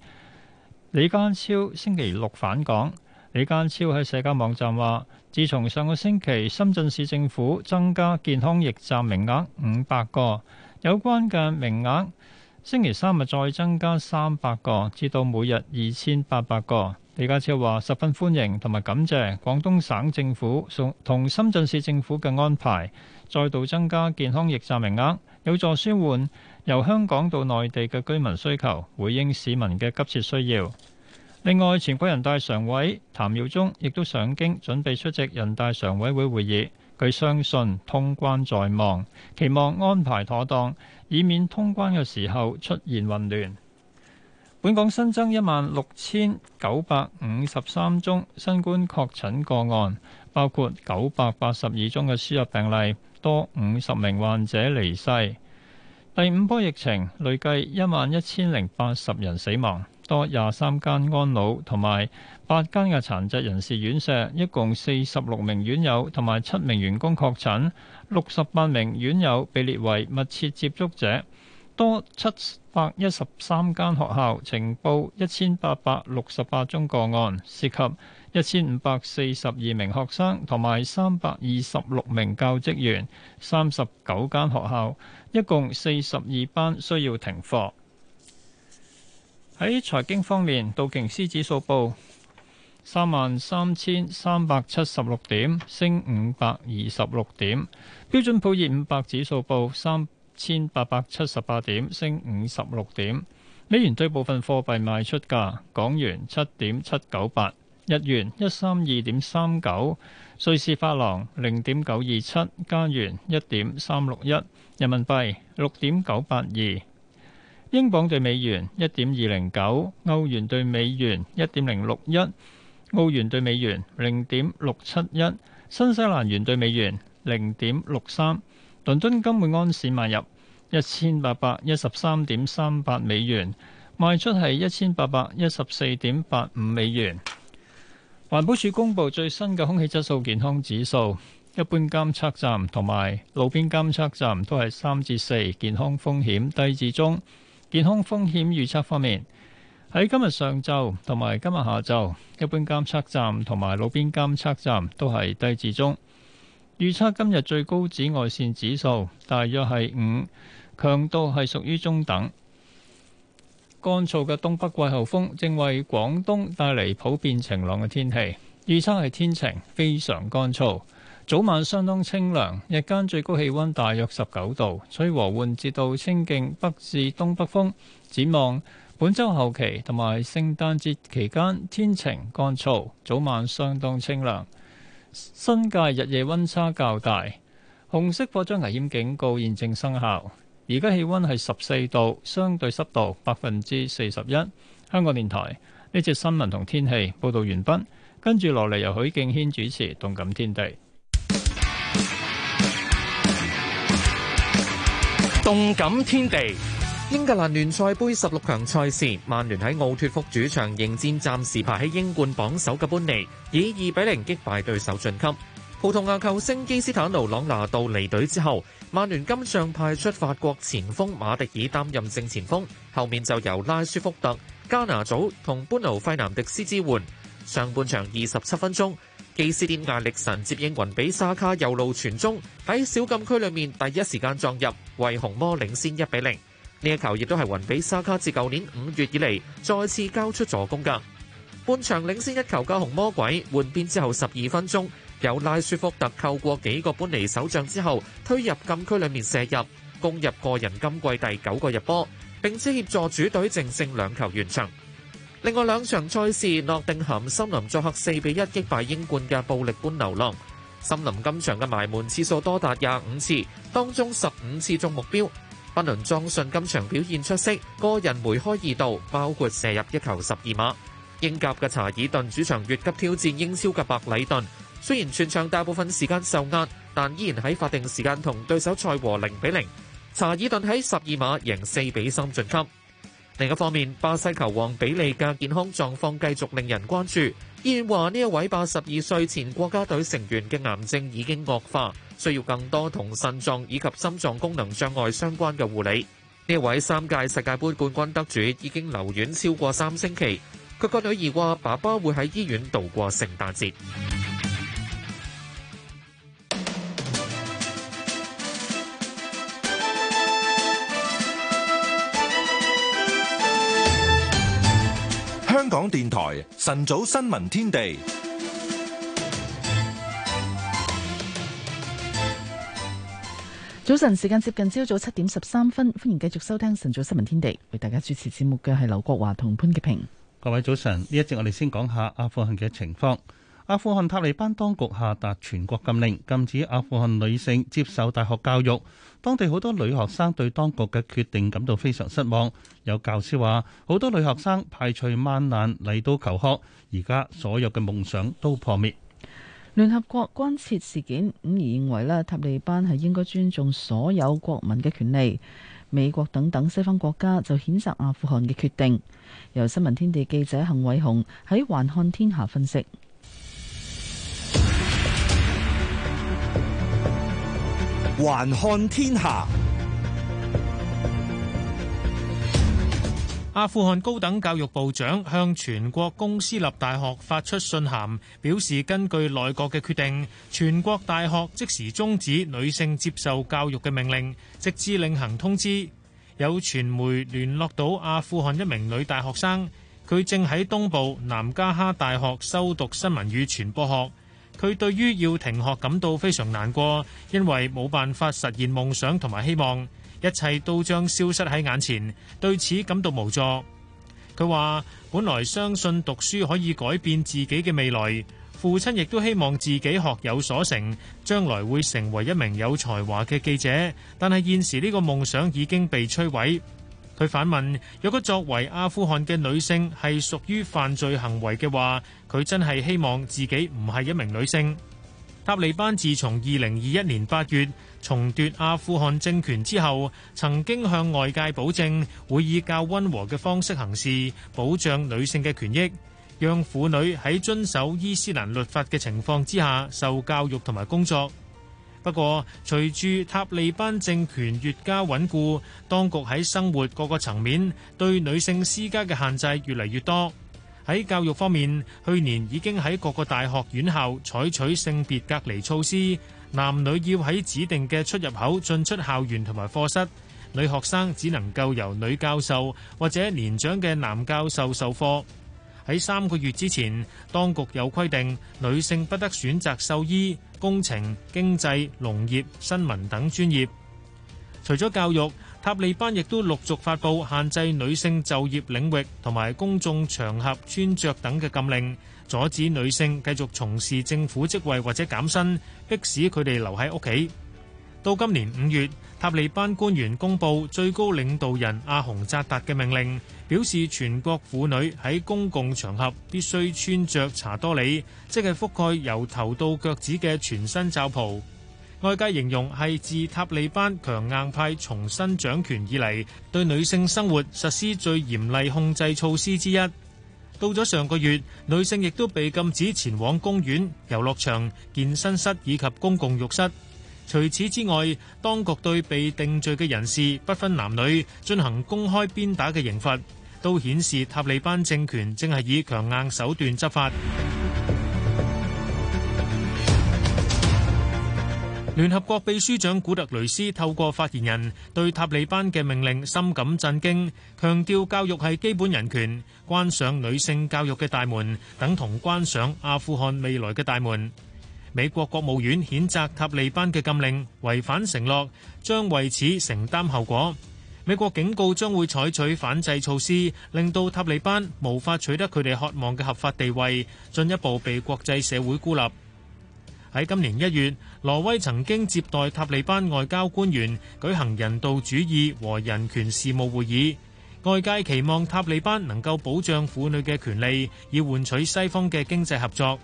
李家超星期六返港。李家超喺社交網站話：自從上個星期深圳市政府增加健康驛站名額五百個，有關嘅名額。星期三日再增加三百個至到每日二千八百個。李家超話十分歡迎同埋感謝廣東省政府同深圳市政府嘅安排，再度增加健康驛站名額有助舒緩由香港到內地嘅居民需求，回應市民嘅急切需要。另外，全國人大常委譚耀宗亦都上京準備出席人大常委會會議，佢相信通關在望，期望安排妥當。以免通關嘅時候出現混亂，本港新增一萬六千九百五十三宗新冠確診個案，包括九百八十二宗嘅輸入病例，多五十名患者離世。第五波疫情累計一萬一千零八十人死亡，多廿三間安老同埋八間嘅殘疾人士院舍，一共四十六名院友同埋七名員工確診。六十八名院友被列為密切接觸者，多七百一十三間學校呈報一千八百六十八宗個案，涉及一千五百四十二名學生同埋三百二十六名教職員，三十九間學校，一共四十二班需要停課。喺財經方面，道瓊斯指數報。三萬三千三百七十六點，升五百二十六點。標準普爾五百指數報三千八百七十八點，升五十六點。美元對部分貨幣賣出價：港元七點七九八，日元一三二點三九，瑞士法郎零點九二七，加元一點三六一，人民幣六點九八二，英鎊對美元一點二零九，歐元對美元一點零六一。澳元兌美元零點六七一，新西蘭元兌美元零點六三，倫敦金每安士買入一千八百一十三點三八美元，賣出係一千八百一十四點八五美元。環保署公佈最新嘅空氣質素健康指數，一般監測站同埋路邊監測站都係三至四健康風險，低至中。健康風險預測方面。喺今日上晝同埋今日下晝，一般監測站同埋路邊監測站都係低至中。預測今日最高紫外線指數大約係五，強度係屬於中等。乾燥嘅東北季候風正為廣東帶嚟普遍晴朗嘅天氣，預測係天晴，非常乾燥，早晚相當清涼，日間最高氣温大約十九度，吹和緩至到清勁北至東北風。展望。本周後期同埋聖誕節期間天晴乾燥，早晚相當清涼。新界日夜溫差較大，紅色火災危險警告現正生效。而家氣溫係十四度，相對濕度百分之四十一。香港電台呢節新聞同天氣報道完畢，跟住落嚟由許敬軒主持《動感天地》。《動感天地》英格蘭聯賽盃十六強賽事，曼聯喺奧脱福主場迎戰，暫時排喺英冠榜首嘅班尼，以二比零擊敗對手晉級。葡萄牙球星基斯坦奴·朗拿度離隊之後，曼聯今仗派出法國前鋒馬迪爾擔任正前鋒，後面就由拉舒福特、加拿祖同班奴費南迪斯支援。上半場二十七分鐘，基斯典亞力神接應雲比沙卡右路傳中，喺小禁區裏面第一時間撞入，為紅魔領先一比零。呢一球亦都係雲比沙卡自舊年五月以嚟再次交出助攻噶。半場領先一球嘅紅魔鬼換邊之後，十二分鐘由拉雪福特扣過幾個搬嚟手將之後推入禁區裡面射入，攻入個人今季第九個入波，並且協助主隊淨勝兩球完場。另外兩場賽事，諾定咸森林作客四比一擊敗英冠嘅布力般流浪，森林今場嘅埋門次數多達廿五次，當中十五次中目標。巴倫莊信今場表現出色，個人梅開二度，包括射入一球十二碼。英甲嘅查爾頓主場越級挑戰英超嘅白禮頓。雖然全場大部分時間受壓，但依然喺法定時間同對手賽和零比零。查爾頓喺十二碼贏四比三晉級。另一方面，巴西球王比利嘅健康狀況繼續令人關注。醫院話呢位八十二歲前國家隊成員嘅癌症已經惡化。需要更多同腎臟以及心臟功能障礙相關嘅護理。呢一位三屆世界盃冠軍得主已經留院超過三星期。佢個女兒話：爸爸會喺醫院度過聖誕節。香港電台晨早新聞天地。早晨，時間接近朝早七點十三分，歡迎繼續收聽晨早新聞天地。為大家主持節目嘅係劉國華同潘潔平。各位早晨，呢一節我哋先講下阿富汗嘅情況。阿富汗塔利班當局下達全國禁令，禁止阿富汗女性接受大學教育。當地好多女學生對當局嘅決定感到非常失望。有教師話，好多女學生排除萬難嚟到求學，而家所有嘅夢想都破滅。聯合國關切事件，咁而認為咧，塔利班係應該尊重所有國民嘅權利。美國等等西方國家就譴責阿富汗嘅決定。由新聞天地記者幸偉雄喺《還看天下》分析，《還看天下》。阿富汗高等教育部長向全國公私立大學發出信函，表示根據內閣嘅決定，全國大學即時終止女性接受教育嘅命令，直至另行通知。有傳媒聯絡到阿富汗一名女大學生，佢正喺東部南加哈大學修讀新聞與傳播學，佢對於要停學感到非常難過，因為冇辦法實現夢想同埋希望。一切都將消失喺眼前，對此感到無助。佢話本來相信讀書可以改變自己嘅未來，父親亦都希望自己學有所成，將來會成為一名有才華嘅記者。但係現時呢個夢想已經被摧毀。佢反問：若果作為阿富汗嘅女性係屬於犯罪行為嘅話，佢真係希望自己唔係一名女性。塔利班自從二零二一年八月重奪阿富汗政權之後，曾經向外界保證會以較温和嘅方式行事，保障女性嘅權益，讓婦女喺遵守伊斯蘭律法嘅情況之下受教育同埋工作。不過，隨住塔利班政權越加穩固，當局喺生活各個層面對女性施加嘅限制越嚟越多。喺教育方面，去年已經喺各個大學院校採取性別隔離措施。男女要喺指定嘅出入口進出校園同埋課室，女學生只能夠由女教授或者年長嘅男教授授課。喺三個月之前，當局有規定女性不得選擇獸醫、工程、經濟、農業、新聞等專業。除咗教育，塔利班亦都陸續發佈限制女性就業領域同埋公眾場合穿著等嘅禁令。阻止女性繼續從事政府職位或者減薪，迫使佢哋留喺屋企。到今年五月，塔利班官員公布最高領導人阿洪扎達嘅命令，表示全國婦女喺公共場合必須穿着查多里，即係覆蓋由頭到腳趾嘅全身罩袍。外界形容係自塔利班強硬派重新掌權以嚟，對女性生活實施最嚴厲控制措施之一。到咗上個月，女性亦都被禁止前往公園、遊樂場、健身室以及公共浴室。除此之外，當局對被定罪嘅人士不分男女進行公開鞭打嘅刑罰，都顯示塔利班政權正係以強硬手段執法。聯合國秘書長古特雷斯透過發言人對塔利班嘅命令深感震驚，強調教育係基本人權，關上女性教育嘅大門，等同關上阿富汗未來嘅大門。美國國務院譴責塔利班嘅禁令違反承諾，將為此承擔後果。美國警告將會採取反制措施，令到塔利班無法取得佢哋渴望嘅合法地位，進一步被國際社會孤立。喺今年一月，挪威曾經接待塔利班外交官員舉行人道主義和人權事務會議。外界期望塔利班能夠保障婦女嘅權利，以換取西方嘅經濟合作。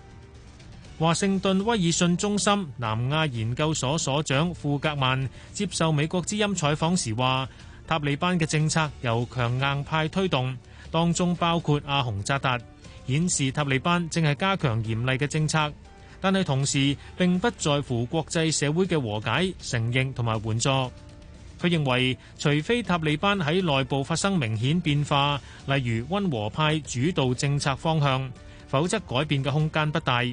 華盛頓威爾遜中心南亞研究所所，所長傅格曼接受美國之音採訪時話，塔利班嘅政策由強硬派推動，當中包括阿洪扎達，顯示塔利班正係加強嚴厲嘅政策。但係同時並不在乎國際社會嘅和解、承認同埋援助。佢認為，除非塔利班喺內部發生明顯變化，例如溫和派主導政策方向，否則改變嘅空間不大。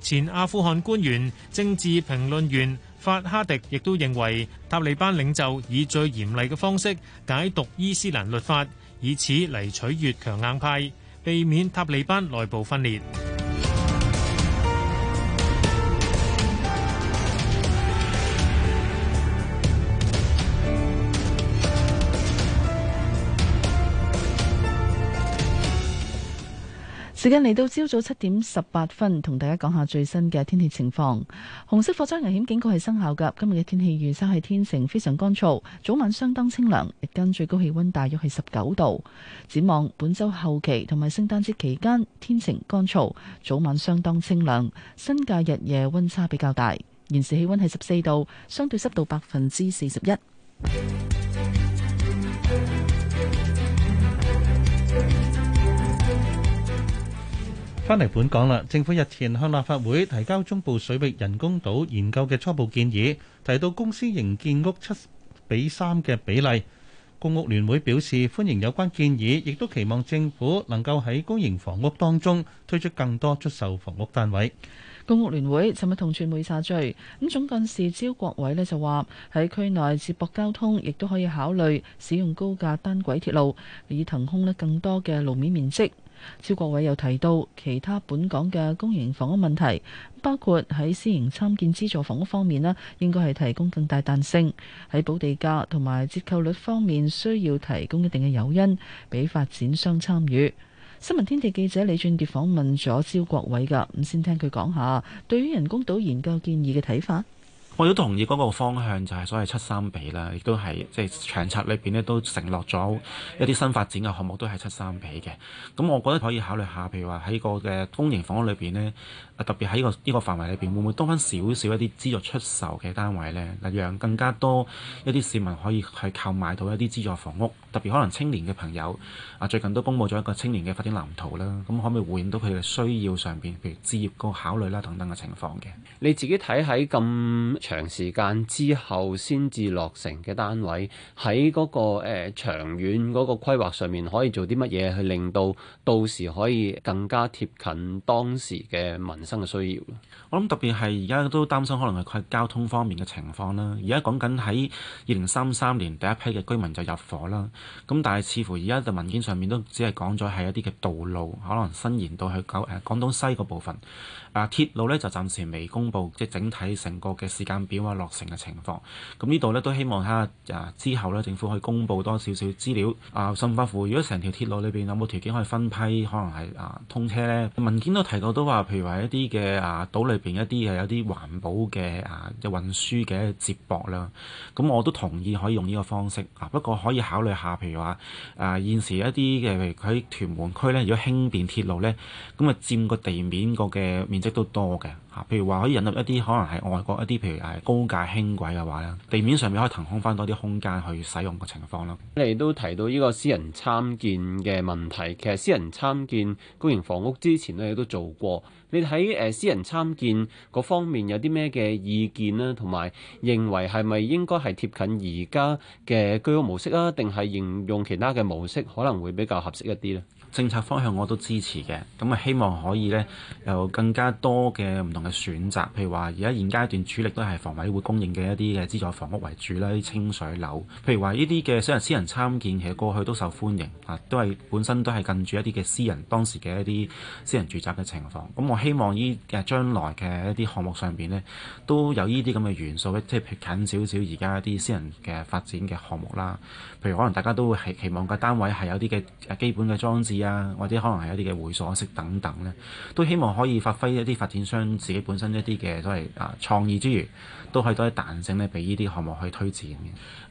前阿富汗官員、政治評論員法哈迪亦都認為，塔利班領袖以最嚴厲嘅方式解讀伊斯蘭律法，以此嚟取悦強硬派，避免塔利班內部分裂。時間嚟到朝早七點十八分，同大家講下最新嘅天氣情況。紅色火災危險警告係生效㗎。今日嘅天氣預測係天晴，非常乾燥，早晚相當清涼，日間最高氣温大約係十九度。展望本周後期同埋聖誕節期間，天晴乾燥，早晚相當清涼，新界日夜温差比較大。現時氣温係十四度，相對濕度百分之四十一。 返嚟本港啦，政府日前向立法會提交中部水域人工島研究嘅初步建議，提到公私營建屋七比三嘅比例。公屋聯會表示歡迎有關建議，亦都期望政府能夠喺公營房屋當中推出更多出售房屋單位。公屋聯會尋日同傳媒茶聚，咁總幹事招國偉咧就話喺區內接駁交通，亦都可以考慮使用高架單軌鐵路，以騰空咧更多嘅路面面積。焦招國偉又提到其他本港嘅公營房屋問題，包括喺私營參建資助房屋方面咧，應該係提供更大彈性喺保地價同埋折扣率方面，需要提供一定嘅誘因俾發展商參與。新聞天地記者李俊杰訪問咗招國偉噶，咁先聽佢講下對於人工島研究建議嘅睇法。我都同意嗰個方向就係所謂七三比啦，亦都係即係長策裏邊咧都承諾咗一啲新發展嘅項目都係七三比嘅。咁我覺得可以考慮下，譬如話喺個嘅公營房屋裏邊咧。特別喺呢個呢個範圍裏邊，會唔會多翻少少一啲資助出售嘅單位呢？嗱，讓更加多一啲市民可以去購買到一啲資助房屋，特別可能青年嘅朋友。啊，最近都公布咗一個青年嘅發展藍圖啦，咁可唔可以回應到佢嘅需要上邊？譬如置業個考慮啦，等等嘅情況嘅。你自己睇喺咁長時間之後先至落成嘅單位，喺嗰、嗰個誒、呃、長遠嗰個規劃上面，可以做啲乜嘢去令到到時可以更加貼近當時嘅民生活需要，我諗特別係而家都擔心，可能係佢交通方面嘅情況啦。而家講緊喺二零三三年第一批嘅居民就入伙啦。咁但係似乎而家嘅文件上面都只係講咗係一啲嘅道路，可能伸延到去九誒、呃、廣東西嗰部分。啊，鐵路咧就暫時未公布，即係整體成個嘅時間表啊、落成嘅情況。咁呢度咧都希望睇下，啊，之後咧政府可以公布多少少資料。啊，甚至乎如果成條鐵路裏邊有冇條件可以分批，可能係啊通車咧。文件都提過都話，譬如話一啲嘅啊島裏邊一啲係有啲環保嘅啊嘅運輸嘅接駁啦。咁我都同意可以用呢個方式。啊，不過可以考慮下，譬如話啊現時一啲嘅譬如佢喺屯門區咧，如果輕便鐵路咧，咁啊佔個地面個嘅積都多嘅嚇，譬如話可以引入一啲可能係外國一啲，譬如誒高架輕軌嘅話咧，地面上面可以騰空翻多啲空間去使用嘅情況啦。你都提到呢個私人參建嘅問題，其實私人參建公營房屋之前咧，亦都做過。你喺誒私人參建嗰方面有啲咩嘅意見呢？同埋認為係咪應該係貼近而家嘅居屋模式啊，定係應用其他嘅模式可能會比較合適一啲呢？政策方向我都支持嘅，咁啊希望可以咧，有更加多嘅唔同嘅選擇，譬如話而家現階段主力都係房委會供應嘅一啲嘅資助房屋為主啦，啲清水樓，譬如話呢啲嘅私人私人參建其實過去都受歡迎，啊都係本身都係近住一啲嘅私人當時嘅一啲私人住宅嘅情況，咁我希望依誒將來嘅一啲項目上邊咧都有呢啲咁嘅元素，即係近少少而家一啲私人嘅發展嘅項目啦，譬如可能大家都會係期望個單位係有啲嘅基本嘅裝置。啊，或者可能係一啲嘅會所式等等咧，都希望可以發揮一啲發展商自己本身一啲嘅所謂啊創意之餘，都可以多啲彈性咧，俾呢啲項目去推薦嘅。誒、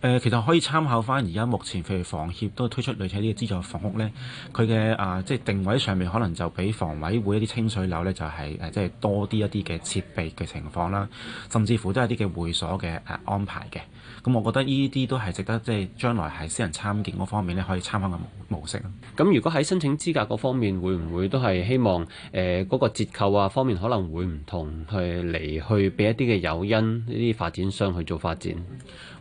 呃，其實可以參考翻而家目前譬如房協都推出類似呢啲嘅資助房屋咧，佢嘅啊即係、就是、定位上面可能就比房委會一啲清水樓咧，就係誒即係多啲一啲嘅設備嘅情況啦，甚至乎都係一啲嘅會所嘅誒、啊、安排嘅。咁我覺得呢啲都係值得，即係將來喺私人參建嗰方面咧，可以參考嘅模式咯。咁如果喺申請資格嗰方面，會唔會都係希望誒嗰、呃嗰個折扣啊方面可能會唔同去嚟去俾一啲嘅誘因呢啲發展商去做發展？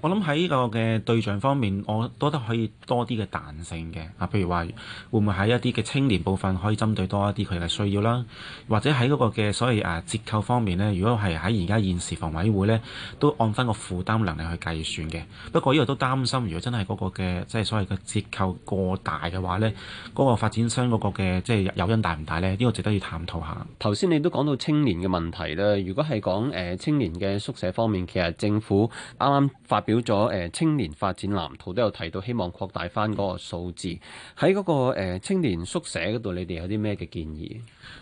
我諗喺個嘅對象方面，我覺得可以多啲嘅彈性嘅。啊，譬如話會唔會喺一啲嘅青年部分可以針對多一啲佢嘅需要啦，或者喺嗰個嘅所謂啊折扣方面咧，如果係喺而家現時房委會咧，都按翻個負擔能力去計。算嘅，不過呢個都擔心，如果真係嗰個嘅即係所謂嘅折扣過大嘅話呢，嗰個發展商嗰個嘅即係誘因大唔大呢？呢個值得要探討下。頭先你都講到青年嘅問題啦，如果係講誒青年嘅宿舍方面，其實政府啱啱發表咗誒、呃、青年發展藍圖，都有提到希望擴大翻嗰個數字喺嗰、嗰個、呃、青年宿舍嗰度，你哋有啲咩嘅建議？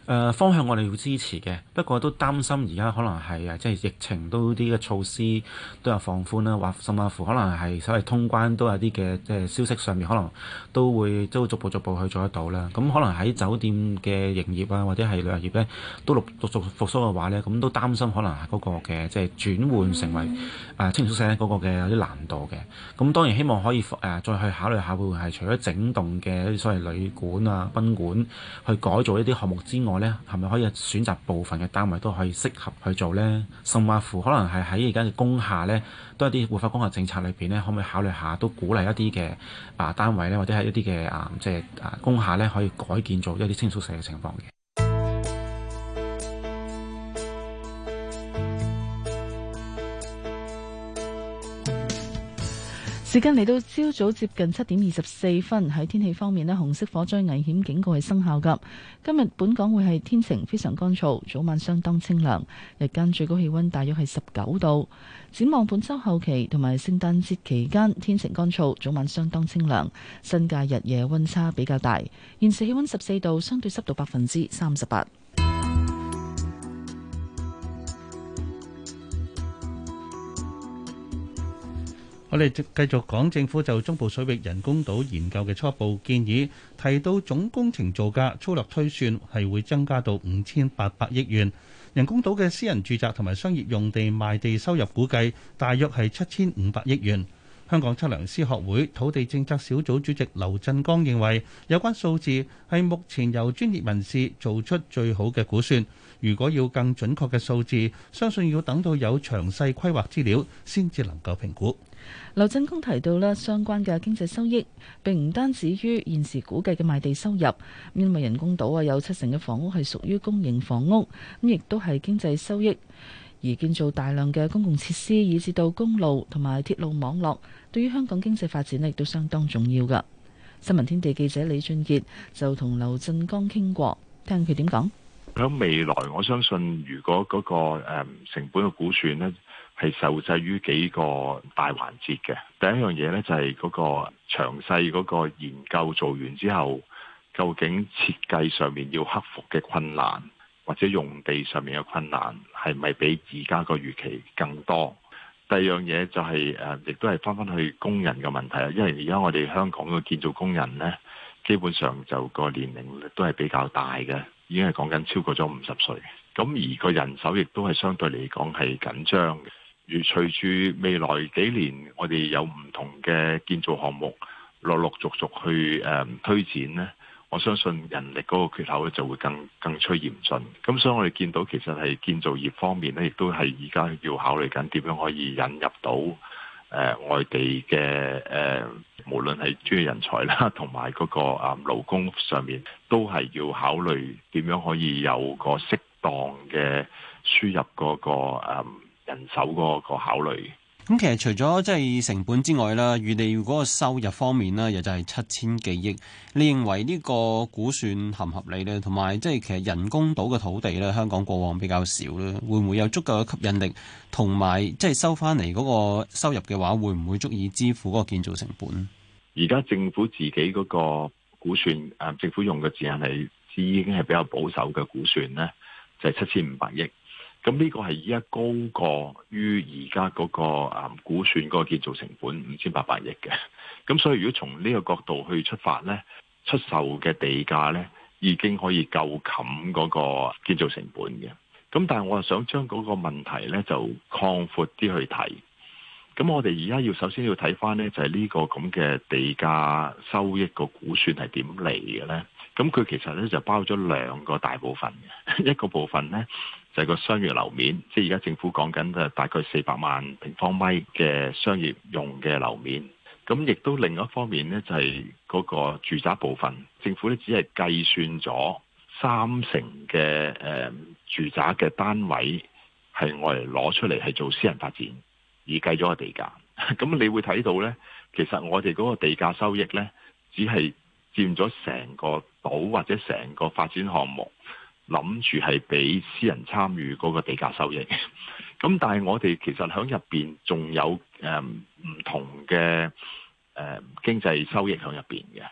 誒、呃、方向我哋會支持嘅，不過都擔心而家可能係啊，即係疫情都啲嘅措施都有放寬啦，或甚或乎可能係所謂通關都有啲嘅即係消息上面可能都會都逐步逐步去做得到啦。咁可能喺酒店嘅營業啊，或者係旅遊業咧、啊啊、都陸陸續復蘇嘅話咧，咁都擔心可能係嗰個嘅即係轉換成為誒、呃、青年宿舍嗰個嘅有啲難度嘅。咁當然希望可以誒、呃、再去考慮下會唔會係除咗整棟嘅所謂旅館啊賓館去改造一啲項目之之外咧，係咪可以選擇部分嘅單位都可以適合去做咧？甚或乎可能係喺而家嘅工廈咧，都係一啲活化工廈政策裏邊咧，可唔可以考慮下都鼓勵一啲嘅啊單位咧，或者係一啲嘅啊即係啊工廈咧，可以改建做一啲清宿舍嘅情況嘅？時間嚟到朝早接近七點二十四分，喺天氣方面呢，紅色火災危險警告係生效噶。今日本港會係天晴，非常乾燥，早晚相當清涼，日間最高氣温大約係十九度。展望本周後期同埋聖誕節期間，天晴乾燥，早晚相當清涼，新界日夜溫差比較大。現時氣溫十四度，相對濕度百分之三十八。我哋繼續講政府就中部水域人工島研究嘅初步建議，提到總工程造價粗略推算係會增加到五千八百億元。人工島嘅私人住宅同埋商業用地賣地收入估計大約係七千五百億元。香港測量師學會土地政策小組主席劉振江認為，有關數字係目前由專業人士做出最好嘅估算。如果要更準確嘅數字，相信要等到有詳細規劃資料先至能夠評估。劉振剛提到咧，相關嘅經濟收益並唔單止於現時估計嘅賣地收入，因為人工島啊有七成嘅房屋係屬於公營房屋，咁亦都係經濟收益。而建造大量嘅公共設施，以至到公路同埋鐵路網絡，對於香港經濟發展亦都相當重要㗎。新聞天地記者李俊傑就同劉振剛傾過，聽佢點講。喺未來，我相信如果嗰個誒成本嘅估算咧。係受制於幾個大環節嘅。第一樣嘢呢，就係、是、嗰個詳細嗰個研究做完之後，究竟設計上面要克服嘅困難，或者用地上面嘅困難，係咪比而家個預期更多？第二樣嘢就係、是、誒、啊，亦都係返返去工人嘅問題啦。因為而家我哋香港嘅建造工人呢，基本上就個年齡都係比較大嘅，已經係講緊超過咗五十歲。咁而個人手亦都係相對嚟講係緊張嘅。如隨住未來幾年，我哋有唔同嘅建造項目陸陸續續去誒、嗯、推展咧，我相信人力嗰個缺口咧就會更更趨嚴峻。咁所以我哋見到其實係建造業方面咧，亦都係而家要考慮緊點樣可以引入到誒、呃、外地嘅誒、呃，無論係專業人才啦，同埋嗰個啊、嗯、勞工上面，都係要考慮點樣可以有個適當嘅輸入嗰、嗰個、嗯人手嗰個考慮，咁其實除咗即係成本之外啦，預地嗰個收入方面啦，又就係七千幾億。你認為呢個估算合唔合理咧？同埋即係其實人工島嘅土地咧，香港過往比較少咧，會唔會有足夠嘅吸引力？同埋即係收翻嚟嗰個收入嘅話，會唔會足以支付嗰個建造成本？而家政府自己嗰個估算，誒、啊，政府用嘅字眼係已經係比較保守嘅估算咧，就係七千五百億。咁呢個係依家高過於而家嗰個、嗯、估算嗰個建造成本五千八百億嘅，咁、 嗯、所以如果從呢個角度去出發呢，出售嘅地價呢已經可以夠冚嗰個建造成本嘅。咁、嗯、但係我又想將嗰個問題呢就擴闊啲去睇。咁、嗯、我哋而家要首先要睇返呢，就係、是、呢個咁嘅地價收益個估算係點嚟嘅呢？咁、嗯、佢其實呢就包咗兩個大部分嘅， 一個部分呢。就係個商業樓面，即係而家政府講緊嘅大概四百萬平方米嘅商業用嘅樓面。咁亦都另一方面呢，就係、係、嗰個住宅部分，政府呢，只係計算咗三成嘅誒、呃、住宅嘅單位係我哋攞出嚟係做私人發展而計咗個地價。咁 你會睇到呢，其實我哋嗰個地價收益呢，只係佔咗成個島或者成個發展項目。諗住係俾私人參與嗰個地價收益，咁 但係我哋其實喺入邊仲有誒唔、呃、同嘅誒、呃、經濟收益喺入邊嘅，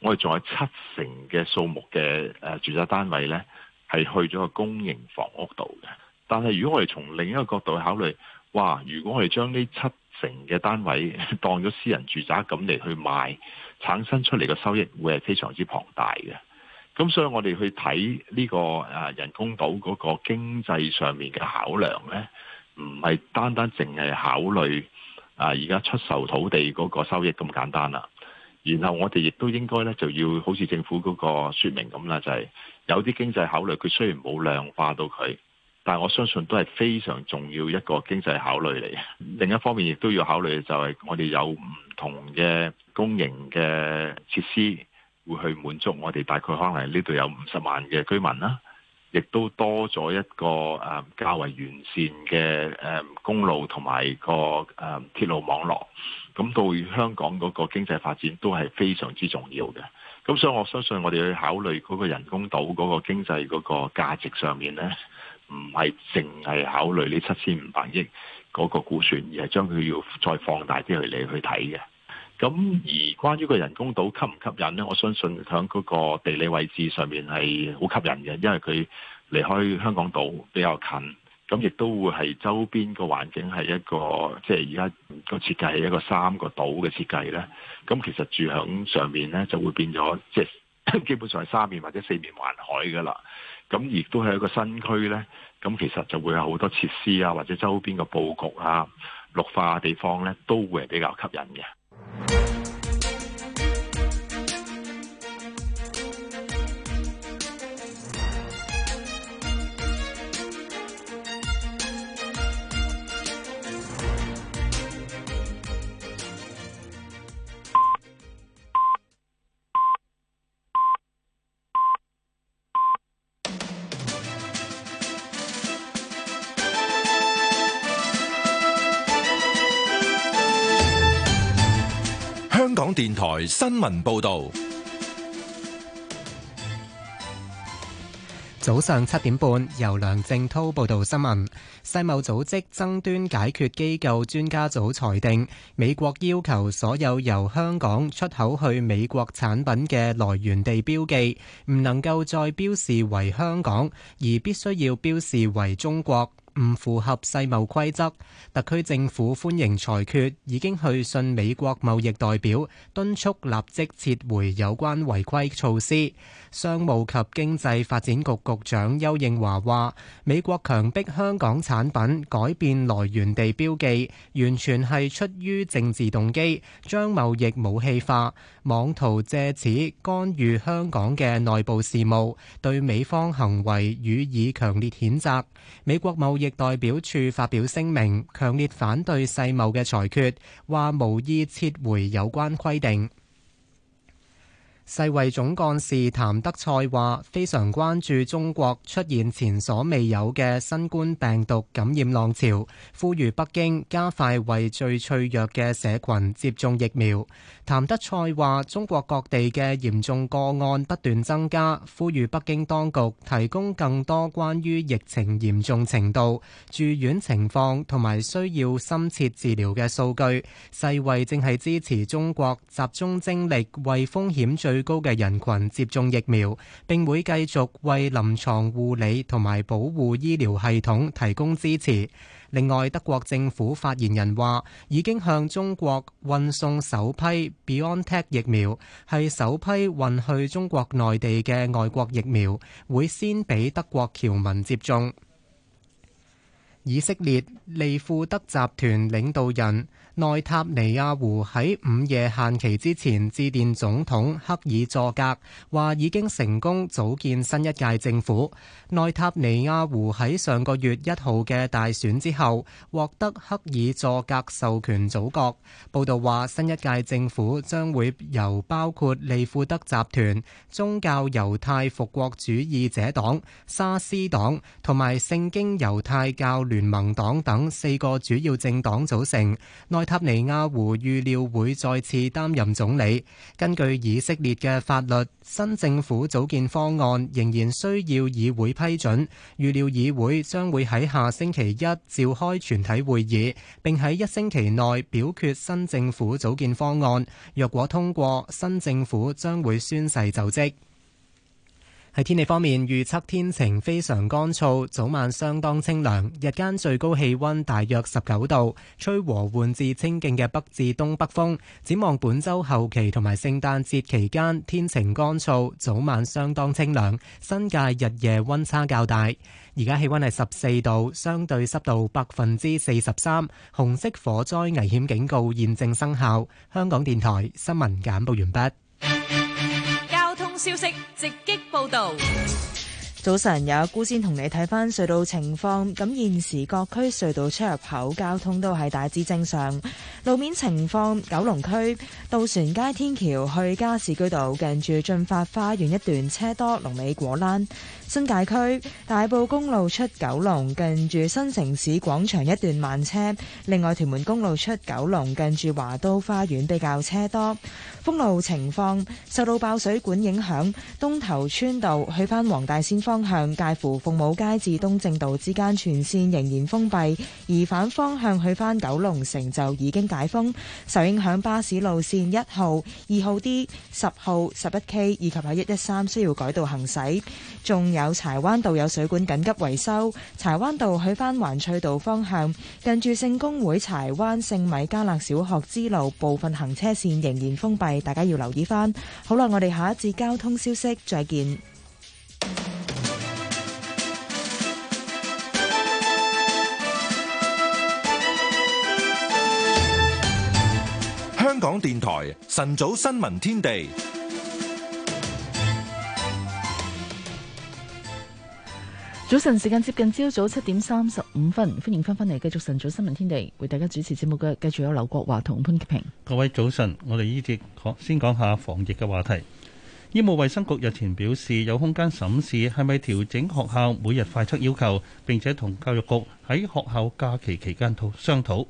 我哋仲有七成嘅數目嘅誒、呃、住宅單位呢，係去咗個公營房屋度嘅。但係如果我哋從另一個角度考慮，哇！如果我哋將呢七成嘅單位當咗私人住宅咁嚟去賣，產生出嚟嘅收益會係非常之龐大嘅。咁所以我哋去睇呢個誒人工島嗰個經濟上面嘅考量咧，唔係單單淨係考慮啊而家出售土地嗰個收益咁簡單啦。然後我哋亦都應該咧就要好似政府嗰個說明咁啦，就係有啲經濟考慮，佢雖然冇量化到佢，但係我相信都係非常重要一個經濟考慮嚟。另一方面亦都要考慮就係我哋有唔同嘅公營嘅設施。會去滿足我哋大概可能呢度有五十萬嘅居民啦，亦都多咗一個誒、呃、較為完善嘅誒、呃、公路同埋個誒、呃、鐵路網絡，咁、嗯、對香港嗰個經濟發展都係非常之重要嘅。咁所以我相信我哋去考慮嗰個人工島嗰個經濟嗰個價值上面呢，唔係淨係考慮呢七千五百億嗰個估算，而係將佢要再放大啲嚟你去睇嘅。咁而關於個人工島吸唔吸引呢？我相信喺嗰個地理位置上面係好吸引嘅，因為佢離開香港島比較近，咁亦都會係周邊個環境係一個即係而家個設計係一個三個島嘅設計呢。咁其實住響上面呢就會變咗，即係基本上係三面或者四面環海噶啦。咁亦都係一個新區呢，咁其實就會有好多設施啊，或者周邊嘅佈局啊、綠化地方呢都會係比較吸引嘅。新聞報道。早上七點半，由梁正濤報道新聞。世貿組織爭端解決機構專家組裁定，美國要求所有由香港出口去美國產品嘅來源地標記，唔能夠再標示為香港，而必須要標示為中國。唔符合世貿規則，特區政府歡迎裁決，已經去信美國貿易代表，敦促立即撤回有關違規措施。商務及經濟發展局局長邱應華話，美國強迫香港產品改變來源地標記，完全係出於政治動機，將貿易武器化。妄圖借此干預香港嘅內部事務，對美方行為予以強烈譴責。美國貿易代表處發表聲明，強烈反對世貿嘅裁決，話無意撤回有關規定。世衛總幹事譚德賽話：非常關注中國出現前所未有嘅新冠病毒感染浪潮，呼籲北京加快為最脆弱嘅社群接種疫苗。譚德賽話：中國各地嘅嚴重個案不斷增加，呼籲北京當局提供更多關於疫情嚴重程度、住院情況同埋需要深切治療嘅數據。世衛正係支持中國集中精力為風險最最高嘅人群接種疫苗，並會繼續為臨床護理同埋保護醫療系統提供支持。另外，德國政府發言人話，已經向中國運送首批 BioNTech 疫苗，係首批運去中國內地嘅外國疫苗，會先俾德國僑民接種。以色列利庫德集團領導人。內塔尼亞胡喺午夜限期之前致電總統克爾佐格話，已經成功組建新一屆政府。內塔尼亞胡喺上個月一號嘅大選之後，獲得克爾佐格授權組閣。報道話，新一屆政府將會由包括利庫德集團、宗教猶太復國主義者黨、沙斯黨同埋聖經猶太教聯盟黨等四個主要政黨組成。內塔尼亞胡預料會再次擔任總理。根據以色列嘅法律，新政府組建方案仍然需要議會批准。預料議會將會喺下星期一召開全體會議，並喺一星期內表決新政府組建方案。若果通過，新政府將會宣誓就職。喺天氣方面，預測天晴非常乾燥，早晚相當清涼，日間最高氣溫大約十九度，吹和緩至清勁嘅北至東北風。展望本周後期同埋聖誕節期間，天晴乾燥，早晚相當清涼，新界日夜溫差較大。而家氣溫係十四度，相對濕度百分之四十三，紅色火災危險警告現正生效。香港電台新聞簡報完畢。消息直擊報道。早晨有，有姑先同你睇翻隧道情況。咁現時各區隧道出入口交通都係大致正常。路面情況，九龍區渡船街天橋去加士居道近住駿發花園一段車多，龍尾果欄。新界區大埔公路出九龍近住新城市廣場一段慢車，另外屯門公路出九龍近住華都花園比較車多。封路情況受到爆水管影響，東頭村道去返黃大仙方向介乎鳳舞街至東正道之間全線仍然封閉，而反方向去返九龍城就已經解封。受影響巴士路線一號、二號 D、十號、十一 K 以及喺一一三需要改道行駛，仲。有柴灣道有水管緊急維修，柴灣道去返環翠道方向，近住聖公會柴灣聖米加勒小學之路部分行車線仍然封閉，大家要留意翻。好啦，我哋下一節交通消息，再見。香港電台晨早新聞天地。早晨時間接近朝早七點三十五分，歡迎翻返嚟繼續晨早新聞天地，為大家主持節目嘅繼續有劉國華同潘潔平。各位早晨，我哋呢節先講下防疫嘅話題。醫務衛生局日前表示，有空間審視係咪調整學校每日快測要求，並且同教育局喺學校假期期間度商討。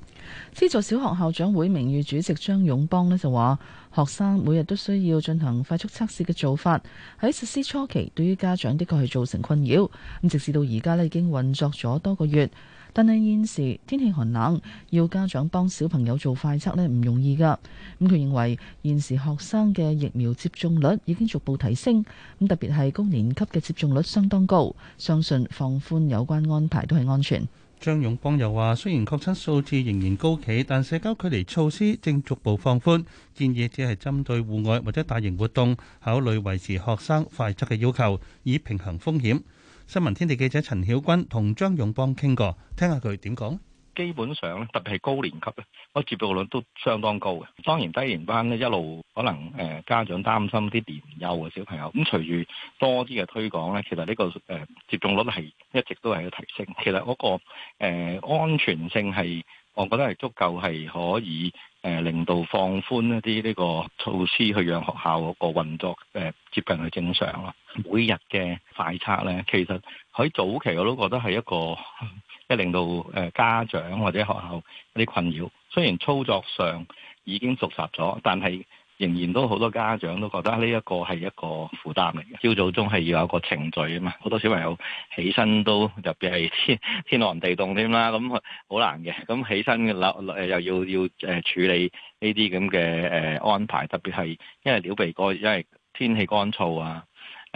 資助小學校長會名譽主席張勇邦呢就話，學生每日都需要進行快速測試嘅做法喺實施初期，對於家長的確係造成困擾。咁直至到而家呢已經運作咗多個月，但係現時天氣寒冷，要家長幫小朋友做快測呢唔容易㗎。咁佢認為現時學生嘅疫苗接種率已經逐步提升，咁特別係高年級嘅接種率相當高，相信放寬有關安排都係安全。張勇邦又話，雖然確診數字仍然高企，但社交距離措施正逐步放寬，建議只係針對戶外或者大型活動考慮維持學生快測嘅要求，以平衡風險。新聞天地記者陳曉君同張勇邦傾過，聽下佢點講。基本上咧，特別係高年級咧，我接種率都相當高嘅。當然低年班咧，一路可能誒家長擔心啲年幼嘅小朋友。咁隨住多啲嘅推廣咧，其實呢、這個誒、呃、接種率係一直都係要提升。其實嗰、那個、呃、安全性係，我覺得係足夠係可以誒、呃、令到放寬一啲呢個措施，去讓學校個運作誒、呃、接近去正常啦。每日嘅快測咧，其實喺早期我都覺得係一個。 即係令到誒家長或者學校啲困擾，雖然操作上已經熟習咗，但係仍然都好多家長都覺得呢一個係一個負擔嚟嘅。朝 早中係要有一個程序啊嘛，好多小朋友起身都特別係天天寒地凍添啦，咁好難嘅。咁起身立誒又要要誒處理呢啲咁嘅誒安排，特別係因為流鼻哥，因為天氣乾燥啊。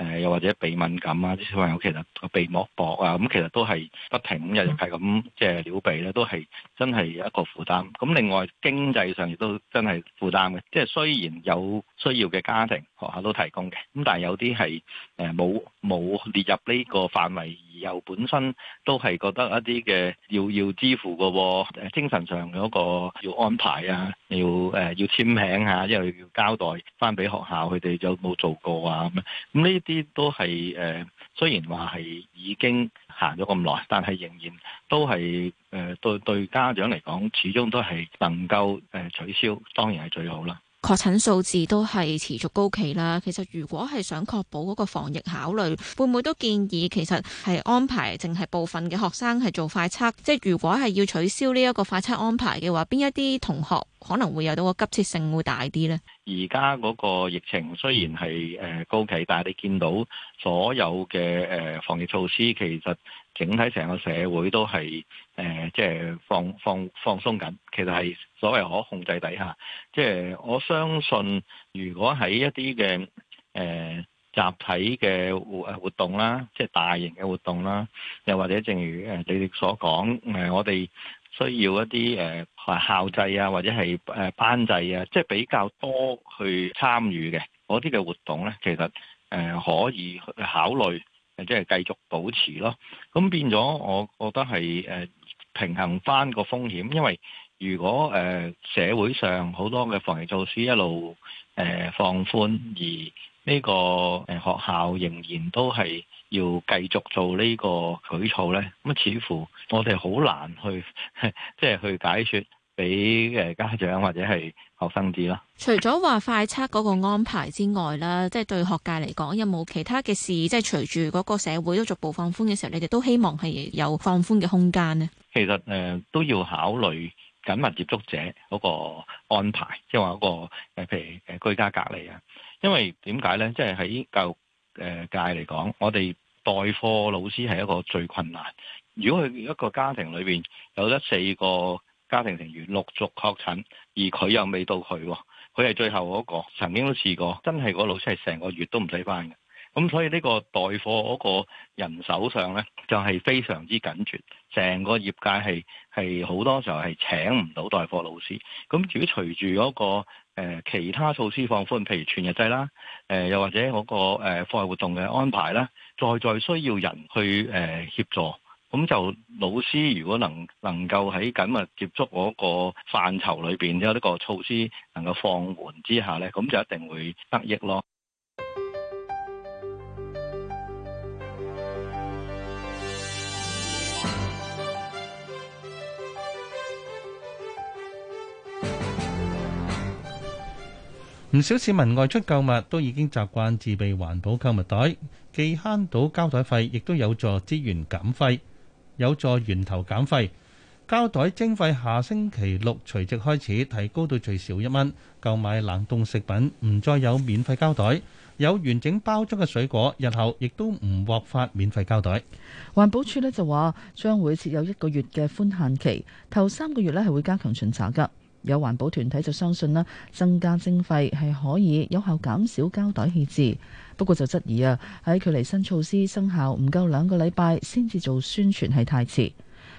誒又、呃、或者鼻敏感啊，啲小朋友其實個鼻膜薄啊，咁其實都係不停咁日日係咁即係撩鼻咧，都係真係一個負擔。咁另外經濟上亦都真係負擔嘅，即係雖然有需要嘅家庭學校都提供嘅，咁但係有啲係誒冇冇列入呢個範圍，而又本身都係覺得一啲嘅要要支付㗎喎、哦，精神上嗰個要安排啊，要誒要簽名嚇、啊，因為要交代翻俾學校佢哋有冇做過啊咁樣，樣，咁呢？啲都係誒，雖然話係已經行咗咁耐，但係仍然都係誒、呃，對對家長嚟講，始終都係能夠誒取消，當然係最好啦。確診數字都係持續高企啦。其實如果係想確保嗰個防疫考慮，會唔會都建議其實係安排淨係部分嘅學生係做快測？即係如果係要取消呢一個快測安排嘅話，邊一啲同學可能會有到個急切性會大啲呢？而家嗰個疫情雖然係誒高企，但係你見到所有嘅誒防疫措施其實。整體成個社會都係誒、呃，即係放放放鬆緊。其實係所謂可控制底下，即係我相信，如果喺一啲嘅誒集體嘅活活動啦，即係大型嘅活動啦，又或者正如誒你哋所講，誒、呃、我哋需要一啲誒、呃、校制啊，或者係誒班制啊，即係比較多去參與嘅嗰啲嘅活動咧，其實誒、呃、可以考慮。即係繼續保持咯，咁變咗我覺得係誒、呃、平衡翻個風險，因為如果誒、呃、社會上好多嘅防疫措施一路誒、呃、放寬，而呢個誒學校仍然都係要繼續做呢個舉措咧，咁似乎我哋好難去即係去解説。俾誒家長或者係學生知啦。除咗話快測嗰個安排之外啦，即係對學界嚟講，有冇其他嘅事？即係隨住嗰個社會都逐步放寬嘅時候，你哋都希望係有放寬嘅空間呢？其實誒都要考慮緊密接觸者嗰個安排，即係話嗰個譬如誒居家隔離啊。因為點解呢？即係喺教育誒界嚟講，我哋代課老師係一個最困難。如果佢一個家庭裏邊有得四個。家庭成員陸續確診，而佢又未到佢喎、哦，佢係最後嗰、那個曾經都試過，真係個老師係成個月都唔使返嘅。咁所以呢個代課嗰個人手上呢，就係、是、非常之緊缺，成個業界係係好多時候係請唔到代課老師。咁至於隨住嗰個其他措施放寬，譬如全日制啦，誒又或者嗰個誒課外活動嘅安排啦，在在需要人去誒協助。咁就老師如果能能夠喺緊密接觸嗰個範疇裏邊，有呢個措施能夠放緩之下咧，咁就一定會得益咯。唔少市民外出購物都已經習慣自備環保購物袋，既慳到膠袋費，亦都有助資源減廢。有助源頭減費，膠袋徵費下星期六隨即開始提高到最少一蚊。購買冷凍食品唔再有免費膠袋，有完整包裝嘅水果，日後亦都唔獲發免費膠袋。環保署呢就話將會設有一個月嘅寬限期，頭三個月呢係會加強巡查㗎。有環保團體就相信啦，增加徵費係可以有效減少膠袋棄置。不過就質疑啊，喺距離新措施生效唔夠兩個禮拜先至做宣傳係太遲。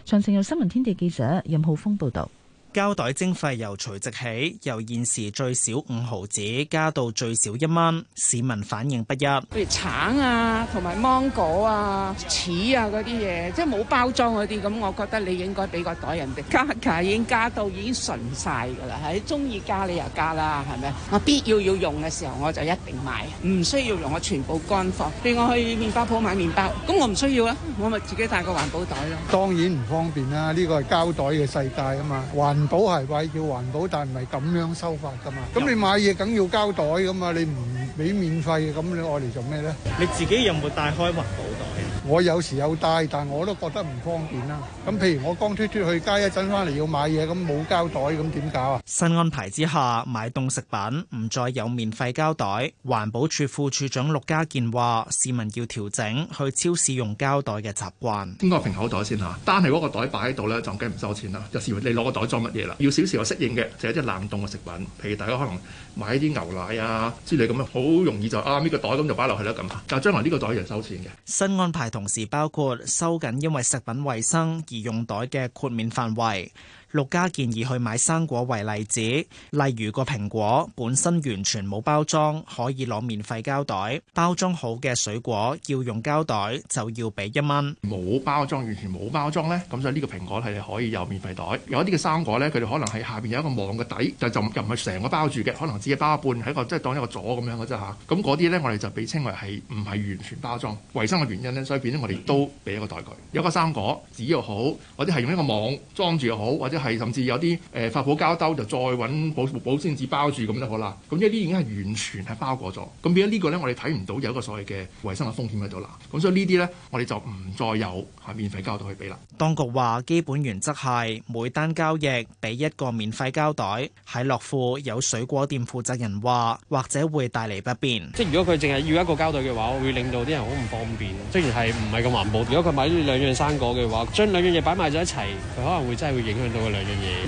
詳情由新聞天地記者任浩峰報導。膠袋徵費由除夕起，由現時最少五毫紙加到最少一蚊，市民反應不一。譬如橙啊，同埋芒果啊、柿啊嗰啲嘢，即係冇包裝嗰啲，咁我覺得你應該俾個袋人哋加價，加加已經加到已經純晒㗎啦。喺中意加你又加啦，係咪？我必要要用嘅時候，我就一定買，唔需要用我全部乾貨。譬如我去麵包鋪買麵包，咁我唔需要啦，我咪自己帶個環保袋咯。當然唔方便啦，呢個係膠袋嘅世界啊嘛。環保係為叫環保，但係唔係咁樣收法噶嘛。咁、嗯、你買嘢梗要膠袋噶嘛，你唔俾免費，咁你愛嚟做咩咧？你自己有冇帶開環保袋？我有時有帶，但我都覺得唔方便啦。咁譬如我剛出出去街一陣，翻嚟要買嘢，咁冇膠袋，咁點搞啊？新安排之下，買凍食品唔再有免費膠袋。環保處副處長陸家健話：市民要調整去超市用膠袋嘅習慣。應該平口袋先嚇，單係嗰個袋擺喺度咧，就唔收錢啦。有時你攞個袋裝乜嘢啦，要少少適應嘅，就係啲冷凍嘅食品。譬如大家可能買啲牛奶啊之類咁樣，好容易就啊呢個袋咁就擺落去啦咁。但係將來呢個袋要收錢嘅新安排。同時包括收緊，因為食品衛生而用袋嘅豁免範圍。六家建議去買生果為例子，例如個蘋果本身完全冇包裝，可以攞免費膠袋；包裝好嘅水果要用膠袋，就要俾一蚊。冇包裝，完全冇包裝呢？咁所以呢個蘋果係可以有免費袋。有一啲嘅生果呢，佢哋可能喺下邊有一個網嘅底，但就又唔係成個包住嘅，可能只係包一半，喺、就是、一個即係、就是、當一個咗咁樣嘅啫吓。咁嗰啲呢，我哋就被稱為係唔係完全包裝，衞生嘅原因呢，所以變咗我哋都俾一個袋佢。有一個生果，紙又好，或者係用一個網裝住又好，或者係，甚至有啲誒發泡膠兜，就再揾保保鮮紙包住咁就好啦。咁呢啲已經係完全係包裹咗，咁變咗呢個咧，我哋睇唔到有一個所謂嘅衞生嘅風險喺度啦。咁所以呢啲咧，我哋就唔再有嚇免費膠袋去俾啦。當局話基本原則係每單交易俾一個免費膠袋。喺樂富有水果店負責人話，或者會帶嚟不便。即係如果佢淨係要一個膠袋嘅話，會令到啲人好唔方便。 雖然係唔係咁環保。如果佢買兩樣生果嘅話，將兩樣嘢擺埋咗一齊，佢可能會真係會影響到。兩樣嘢，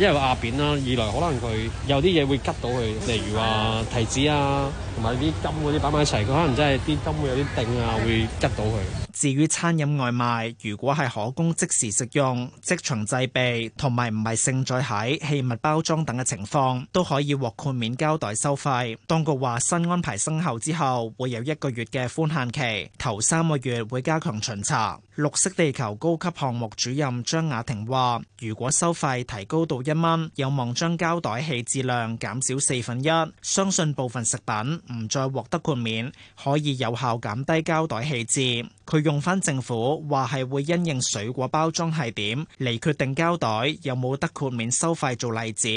一來個壓扁啦，二來可能佢有啲嘢會拮到佢，例如話、啊、提子啊，同埋啲金嗰啲擺埋一齊，佢可能真係啲金會有啲頂啊，會拮到佢。至於餐飲外賣，如果係可供即時食用、即場製備同埋唔係盛載喺器物包裝等嘅情況，都可以獲豁免膠袋收費。當局話新安排生效之後會有一個月嘅寬限期，頭三個月會加強巡查。綠色地球高級項目主任張雅婷話，如果收費提高到一蚊，有望將膠袋棄置量減少四分一。相信部分食品唔再獲得豁免，可以有效減低膠袋棄置。用翻政府話係會因應水果包裝係點嚟決定膠袋有冇得豁免收費做例子，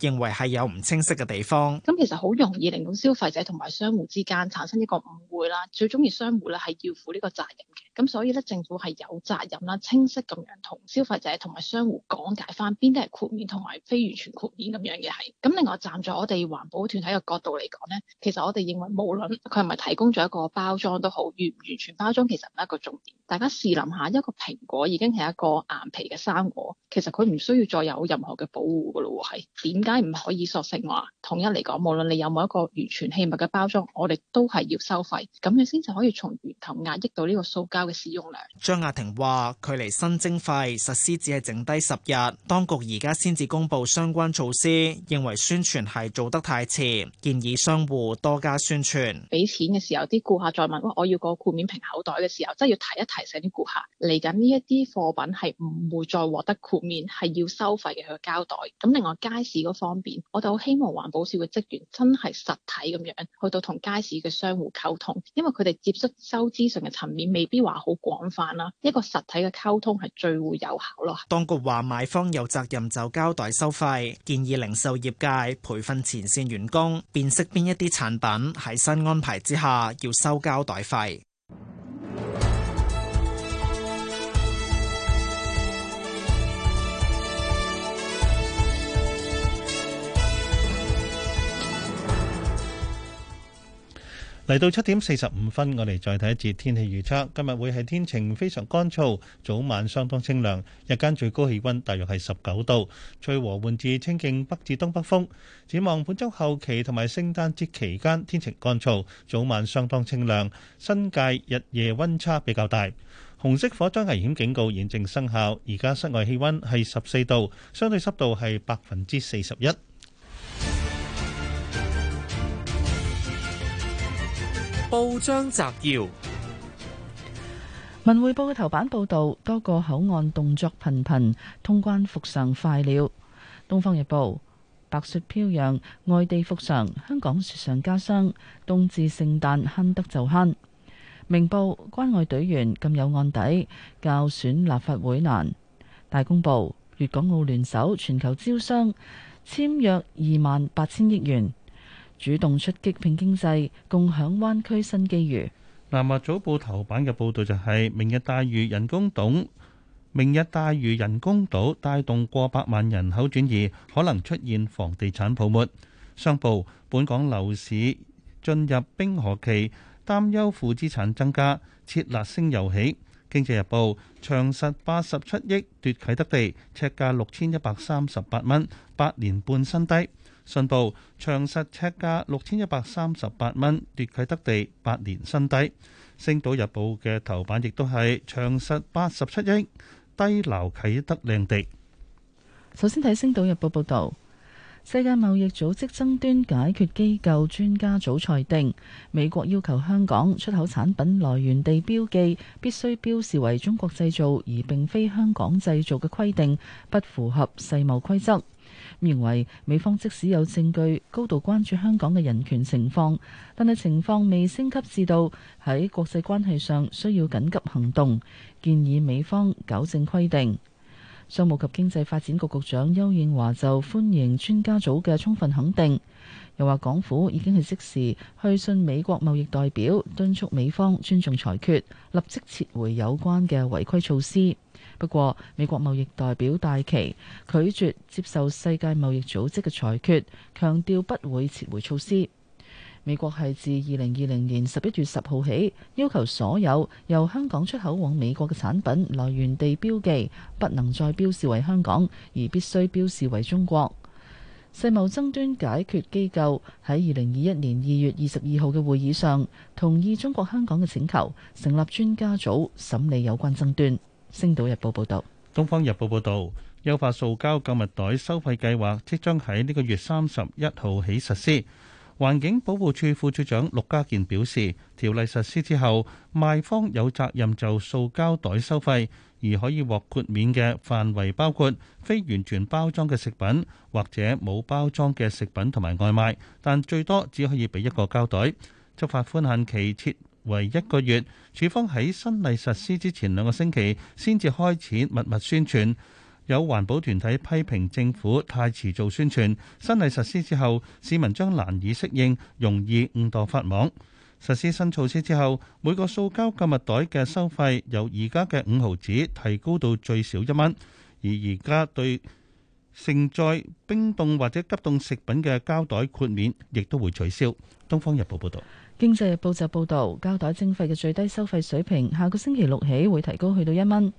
認為係有唔清晰嘅地方。咁其實好容易令到消費者同埋商戶之間產生一個誤會啦。最終意商戶咧，係要負呢個責任嘅咁所以咧，政府係有責任啦，清晰咁樣同消費者同埋商戶講解翻邊啲係豁免同埋非完全豁免咁樣嘅係。咁另外站在我哋環保團體嘅角度嚟講咧，其實我哋認為無論佢係咪提供咗一個包裝都好，完唔完全包裝其實唔係一個重點。大家試諗下，一個蘋果已經係一個硬皮嘅生果，其實佢唔需要再有任何嘅保護㗎咯。係點解唔可以索性話統一嚟講，無論你有冇一個完全氣密嘅包裝，我哋都係要收費，咁樣先至可以從源頭壓抑到呢個塑膠。嘅張亞婷話：距離新徵費實施只係剩低十日，當局而家先至公布相關措施，認為宣傳係做得太遲，建議商戶多加宣傳。俾錢嘅時候，啲顧客再問：哇，我要個豁免平口袋嘅時候，真係要提一提醒啲顧客，嚟緊呢一啲貨品係唔會再獲得豁免，係要收費嘅佢膠袋。咁另外街市嗰方面，我就好希望環保署嘅職員真係實體咁樣去到同街市嘅商戶溝通，因為佢哋接觸收資訊嘅層面未必話。好廣泛啦，一個實體嘅溝通係最會有效咯。當局話賣方有責任就膠袋收費，建議零售業界培訓前線員工辨識邊一啲產品喺新安排之下要收膠袋費。嚟到七點四十五分，我哋再睇一節天氣預測。今日會係天晴非常乾燥，早晚相當清涼。日間最高氣溫大約係十九度，吹和緩至清勁北至東北風。展望本周後期同埋聖誕節期間，天晴乾燥，早晚相當清涼。新界日夜溫差比較大。紅色火災危險警告現正生效。而家室外氣溫係十四度，相對濕度係百分之四十一。報章摘要：《文匯報》嘅頭版報道，多個口岸動作頻頻，通關復常快了。《東方日報》：白雪飄揚，外地復常，香港雪上加霜。冬至聖誕慳得就慳。《明報》：關外隊員更有案底，較選立法會難。《大公報》：粵港澳聯手全球招商，簽約二萬八千億元。主動出擊拼經濟，共享灣區新機遇。南華早報頭版嘅報導就係：明日大嶼人工島，明日大嶼人工島帶動過百萬人口轉移，可能出現房地產泡沫。商報：本港樓市進入冰河期，擔憂負資產增加，撤辣聲又起。經濟日報：長實八十七億奪啟德地，尺價六千一百三十八蚊，八年半新低。信報長實尺價六千一百三十八蚊，奪啟德地八年新低。星島日報嘅頭版亦都係長實八十七億低樓啟德靚地。首先睇星島日報報導，世界貿易組織爭端，爭端解決機構專家組裁定，美國要求香港出口產品來源地標記必須標示為中國製造，而並非香港製造嘅規定，不符合世貿規則。認為美方即使有證據高度關注香港嘅人權情況，但係情況未升級至到喺國際關係上需要緊急行動，建議美方糾正規定。商務及經濟發展局局長丘應樺就歡迎專家組嘅充分肯定，又話港府已經係即時去信美國貿易代表，敦促美方尊重裁決，立即撤回有關嘅違規措施。不過，美國貿易代表戴琪拒絕接受世界貿易組織嘅裁決，強調不會撤回措施。美國係自二零二零年十一月十號起，要求所有由香港出口往美國嘅產品來源地標記，不能再標示為香港，而必須標示為中國。世貿爭端解決機構喺二零二一年二月二十二號嘅會議上，同意中國香港嘅請求，成立專家組審理有關爭端。星島日報報道，東方日報報道，優化塑膠購物袋收費計劃即將喺呢個月三十一號起實施。環境保護署副署長陸家健表示，條例實施之後，賣方有責任就塑膠袋收費，而可以獲豁免嘅範圍包括非完全包裝嘅食品或者冇包裝嘅食品同埋外賣，但最多只可以俾一個膠袋。執法寬限期設。為一個月，處方喺新例實施之前兩個星期先至開始密密宣傳。有環保團體批評政府太遲做宣傳，新例實施之後，市民將難以適應，容易誤墮法網。實施新措施之後，每個塑膠購物袋嘅收費由而家嘅五毫紙提高到最少一蚊，而而家對盛載冰凍或者急凍食品嘅膠袋豁免，亦都會取消。《東方日報，報道》報導。經濟日報就報道，膠袋徵費嘅最低收費水平下個星期六起會提高去到一蚊。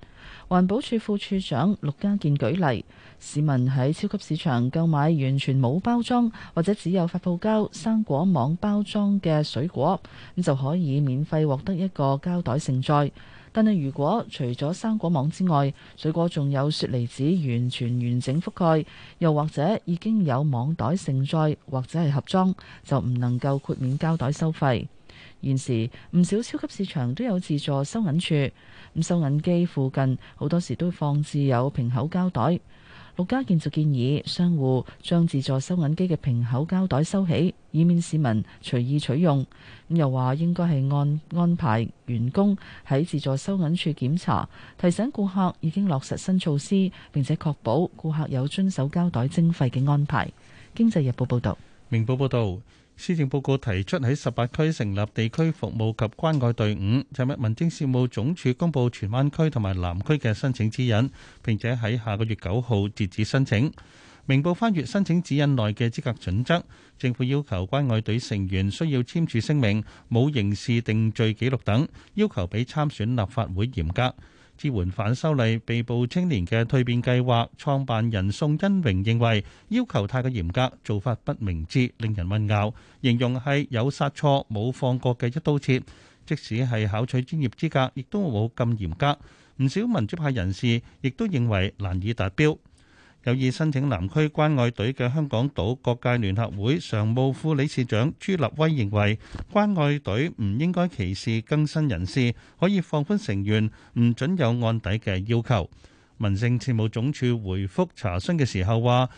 環保署副署長陸家健舉例，市民喺超級市場購買完全冇包裝或者只有發泡膠、生果網包裝嘅水果，咁就可以免費獲得一個膠袋盛載。但係，如果除咗生果網之外，水果仲有雪梨紙完全完整覆蓋，又或者已經有網袋盛載，或者係盒裝，就唔能夠豁免膠袋收費。現時唔少超級市場都有自助收銀處，咁收銀機附近好多時都放置有平口膠袋。陸家健就建議商戶將自助收銀機嘅平口膠袋收起，以免市民隨意取用。咁又話應該係按安排員工喺自助收銀處檢查，提醒顧客已經落實新措施，並且確保顧客有遵守膠袋徵費嘅安排。經濟日報報道，明報報道。施政報告提出喺十八區成立地區服務及關愛隊伍，近日民政事務總署公布荃灣區同埋南區嘅申請指引，並且喺下個月九號截止申請。明報翻閱申請指引內嘅資格準則，政府要求關愛隊成員需要簽署聲明，冇刑事定罪記錄等，要求比參選立法會嚴格。支援反修例被捕青年嘅蛻變計劃創辦人宋恩榮認為要求太過嚴格，做法不明智，令人混淆，形容係有殺錯冇放過嘅一刀切。即使係考取專業資格，亦都冇咁嚴格。唔少民主派人士亦都認為難以達標。有意申請南區關愛隊嘅香港島各界聯合會常務副理事長朱立威認為，關愛隊唔應該歧視更新人士，可以放寬成員唔準有案底嘅要求。民政事務總署回覆查詢嘅時候話，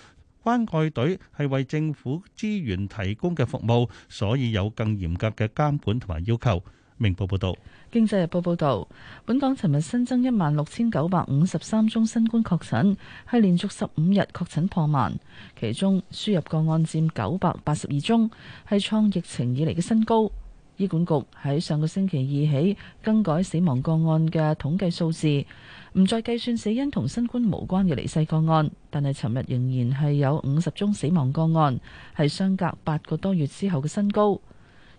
關愛隊係為政府資源提供嘅服務，所以有更嚴格嘅監管同埋要求。明報報導，《經濟日報》報導，本港尋日新增一萬六千九百五十三宗新冠確診，係連續十五日確診破萬，其中輸入個案佔九百八十二宗，係創疫情以嚟嘅新高。醫管局喺上個星期二起更改死亡個案嘅統計數字，唔再計算死因同新冠無關嘅離世個案，但係尋日仍然係有五十宗死亡個案，係相隔八個多月之後嘅新高。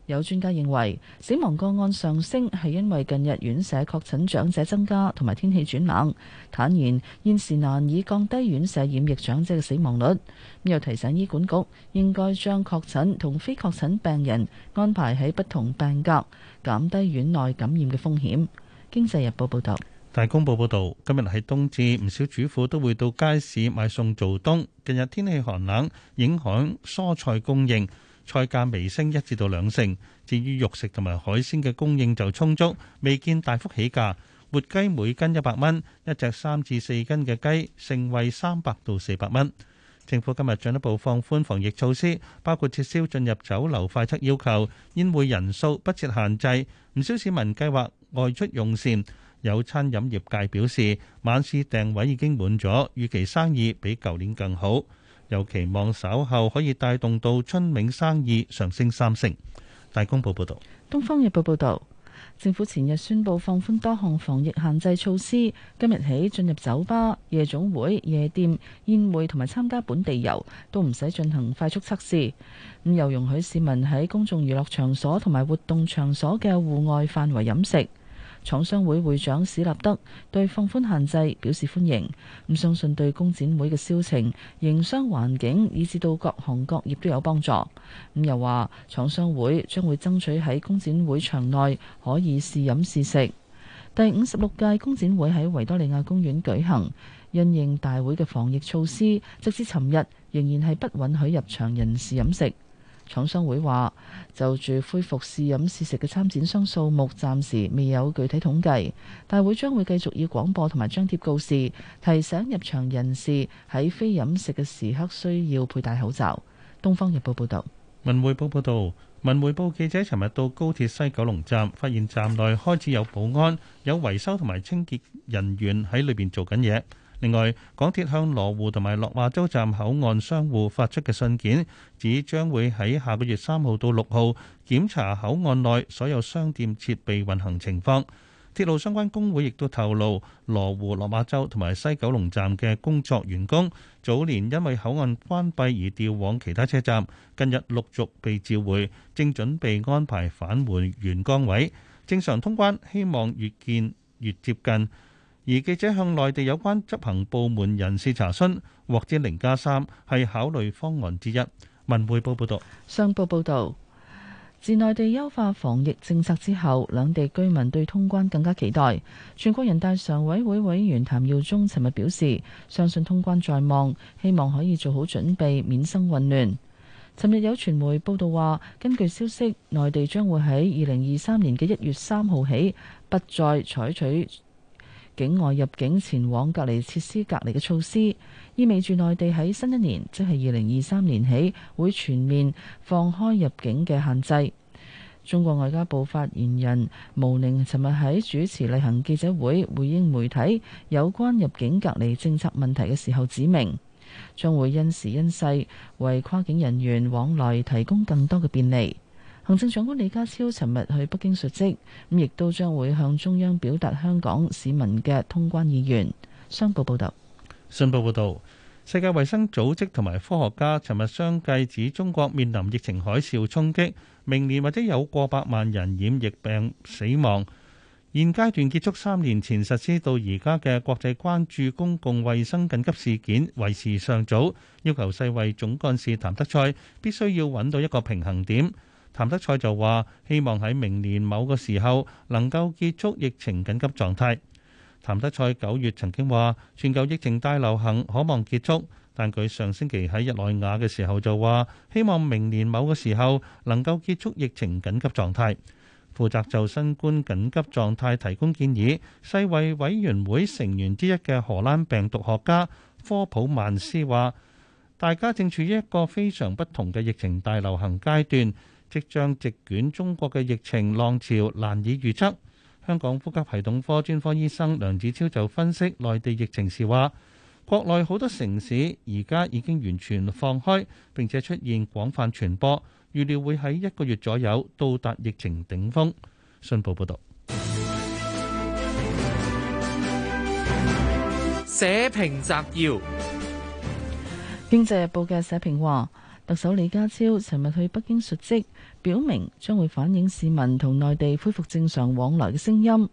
有專家認為，死亡個案上升係因為近日院舍確診,確診長者增加，同埋天氣轉冷。坦言現時難以降低院舍染疫長者嘅死亡率。又提醒醫管局應該將確診同非確診病人安排喺不同病格，減低院內感染嘅風險。經濟日報報道：「大公報報道，今日係冬至，唔少主婦都會到街市買餸做冬。近日天氣寒冷，影響蔬菜供應。菜價微升一至到兩成，至於肉食同埋海鮮嘅供應就充足，未見大幅起價。活雞每斤一百蚊，一隻三至四斤嘅雞，盛惠三百到四百蚊。政府今日進一步放寬防疫措施，包括撤銷進入酒樓快測要求，宴會人數不設限制。唔少市民計劃外出用膳，有餐飲業界表示，晚市訂位已經滿咗，預期生意比舊年更好。又期望稍後可以帶動到春茗生意上升三成。大公報報道。東方日報報道，政府前日宣布放寬多項防疫限制措施，今日起進入酒吧、夜總會、夜店、宴會同埋參加本地遊都唔使進行快速測試，咁又容許市民喺公眾娛樂場所同埋活動場所嘅戶外範圍飲食。廠商會會長史立德對放寬限制表示歡迎，咁相信對工展會嘅銷情、營商環境，以至到各行各業都有幫助。咁又話，廠商會將會爭取喺工展會場內可以試飲試食。第五十六屆工展會喺維多利亞公園舉行，因應大會嘅防疫措施，直至尋日仍然係不允許入場人士飲食。廠商會話就住恢復試飲試食嘅參展商數目，暫時未有具體統計。大會將會繼續以廣播同埋張貼告示，提醒入場人士喺非飲食嘅時刻需要佩戴口罩。東方日報報道，文匯報報道，文匯報記者尋日到高鐵西九龍站，發現站內開始有保安、有維修同埋清潔人員喺裏邊做緊嘢。另外，港鐵向羅湖同埋落馬洲站口岸商戶發出嘅信件，指將會喺下個月三號到六號檢查口岸內所有商店設備運行情況。鐵路相關工會亦都透露，羅湖、落馬洲同埋西九龍站嘅工作員工，早年因為口岸關閉而調往其他車站，近日陸續被召回，正準備安排返回原崗位。正常通關，希望越見越接近。而記者向內地有關執行部門人士查詢，或者「零加三」係考慮方案之一。文匯報報道：「商報報道，自內地優化防疫政策之後，兩地居民對通關更加期待。全國人大常委會委員譚耀宗尋日表示，相信通關在望，希望可以做好準備，免生混亂。尋日有傳媒報導話，根據消息，內地將會喺二零二三年嘅一月三號起，不再採取境外入境前往隔離設施隔離嘅措施，意味住內地喺新一年，即係二零二三年起，會全面放開入境嘅限制。中國外交部發言人毛寧尋日喺主持例行記者會回應媒體有關入境隔離政策問題嘅時候指明，將會因時因勢為跨境人員往來提供更多嘅便利。行政長官李家超尋日去北京述職，咁亦都將會向中央表達香港市民嘅通關意願。商報報導，信報報導，世界衞生組織同埋科學家尋日相繼指中國面臨疫情海嘯衝擊，明年或者有過百萬人染疫病死亡。現階段結束三年前實施到而家嘅國際關注公共衞生緊急事件為時尚早，要求世衞總幹事譚德賽必須要揾到一個平衡點。譚德賽就話：希望喺明年某個時候能夠結束疫情緊急狀態。譚德賽九月曾經話全球疫情大流行可望結束，但佢上星期喺日內瓦嘅時候就話希望明年某個時候能夠結束疫情緊急狀態。負責就新冠緊急狀態提供建議、世衛委員會成員之一嘅荷蘭病毒學家科普曼斯話：大家正處於一個非常不同嘅疫情大流行階段。即將席捲中國嘅疫情浪潮難以預測。香港呼吸系統科專科醫生梁子超就分析內地疫情時話，國內好多城市而家已經完全放開，並且出現廣泛傳播，預料會喺一個月左右到達疫情頂峰。信報報道。社評摘要：經濟日報嘅社評話。特首李家超尋日去北京述職，表明將會反映市民同內地恢復正常往來嘅聲音。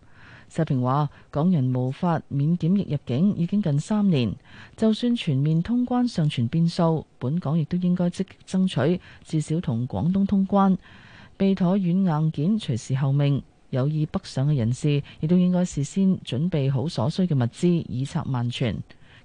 社評話：港人無法免檢疫入境已經近三年，就算全面通關尚存變數，本港亦都應該積極爭取至少同廣東通關。備妥軟硬件隨時候命，有意北上嘅人士亦都應該事先準備好所需嘅物資，以策萬全。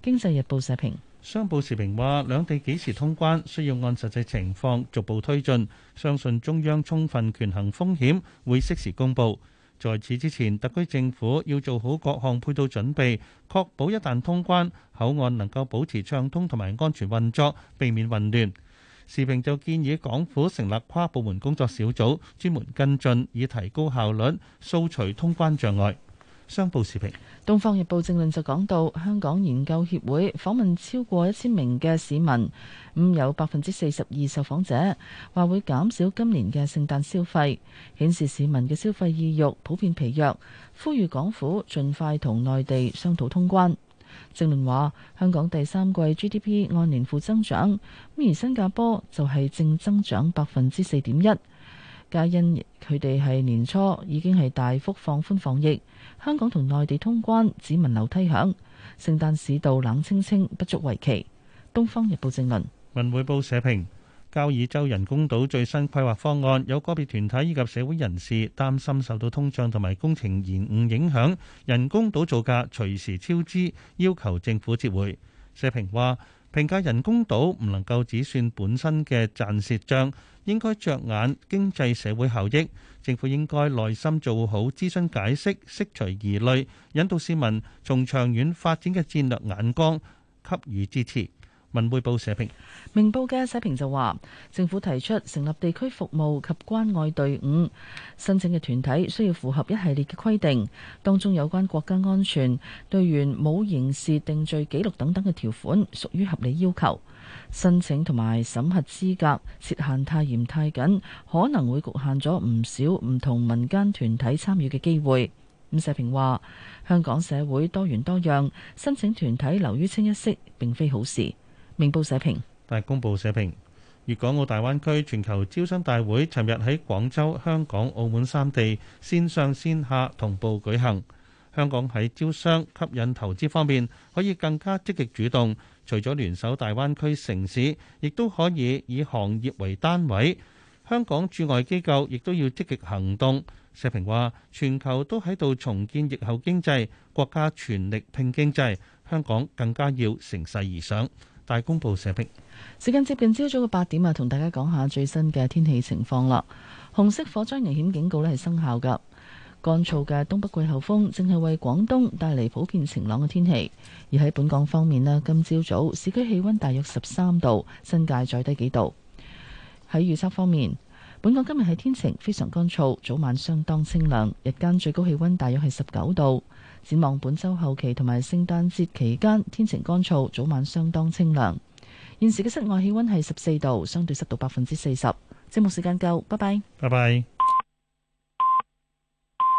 經濟日報社評。商報時評話,兩地幾時通關需要按實際情況逐步推進,相信中央充分權衡風險會適時公布,在此之前特區政府要做好各項配套準備,確保一旦通關口岸能夠保持暢通同埋安全運作,避免混亂。時評就建議港府成立跨部門工作小組,專門跟進,以提高效率,掃除通關障礙。商報視頻，《東方日報》正論就講到，香港研究協會訪問超過一千名嘅市民，咁有百分之四十二受訪者話會減少今年嘅聖誕消費，顯示市民嘅消費意欲普遍疲弱，呼籲港府盡快同內地商討通關。正論話，香港第三季 GDP 按年負增長，而新加坡就係正增長百分之四點一。皆因佢哋係年初已經係大幅放寬防疫，香港同內地通關只聞樓梯響聖誕市道冷清清，不足為奇。《東方日報正論文匯報社評交椅洲人工島最新規劃方案，有個別團體以及社會人士擔心受到通脹同埋工程延誤影響人工島造價隨時超支，要求政府接回。社評話。評價人工島唔能夠只算本身嘅賺蝕帳，應該着眼經濟社會效益。政府應該耐心做好諮詢解釋，釋除疑慮，引導市民從長遠發展嘅戰略眼光給予支持。文匯報社評，明報嘅社評就話：政府提出成立地區服務及關愛隊伍，申請嘅團體需要符合一系列嘅規定，當中有關國家安全、隊員冇刑事定罪記錄等等嘅條款，屬於合理要求。申請同埋審核資格設限太嚴太緊，可能會局限咗唔少唔同民間團體參與嘅機會。吳社評話：香港社會多元多樣，申請團體流於清一色，並非好事。明報社評，大公報社評，粵港澳大灣區全球招商大會尋日喺廣州、香港、澳門三地線上線下同步舉行。香港喺招商、吸引投資方面可以更加積極主動，除咗聯手大灣區城市，亦都可以以行業為單位。香港駐外機構亦都要積極行動。社評話：全球都喺度重建疫後經濟，國家全力拼經濟，香港更加要乘勢而上。大公報社評，時間接近朝早嘅八點啊，同大家講下最新嘅天氣情況啦。紅色火災危險警告呢係生效噶乾燥嘅東北季候風正係為廣東帶嚟普遍晴朗嘅天氣。而喺本港方面呢，今朝早，早市區氣溫大約十三度，新界再低幾度。喺預測方面，本港今日係天晴，非常乾燥，早晚相當清涼，日間最高氣溫大約係十九度。展望本周後期同埋聖誕節期間，天晴乾燥，早晚相當清涼，現時嘅室外氣溫係十四度，相對濕度百分之四十。節目時間夠，拜拜。拜拜。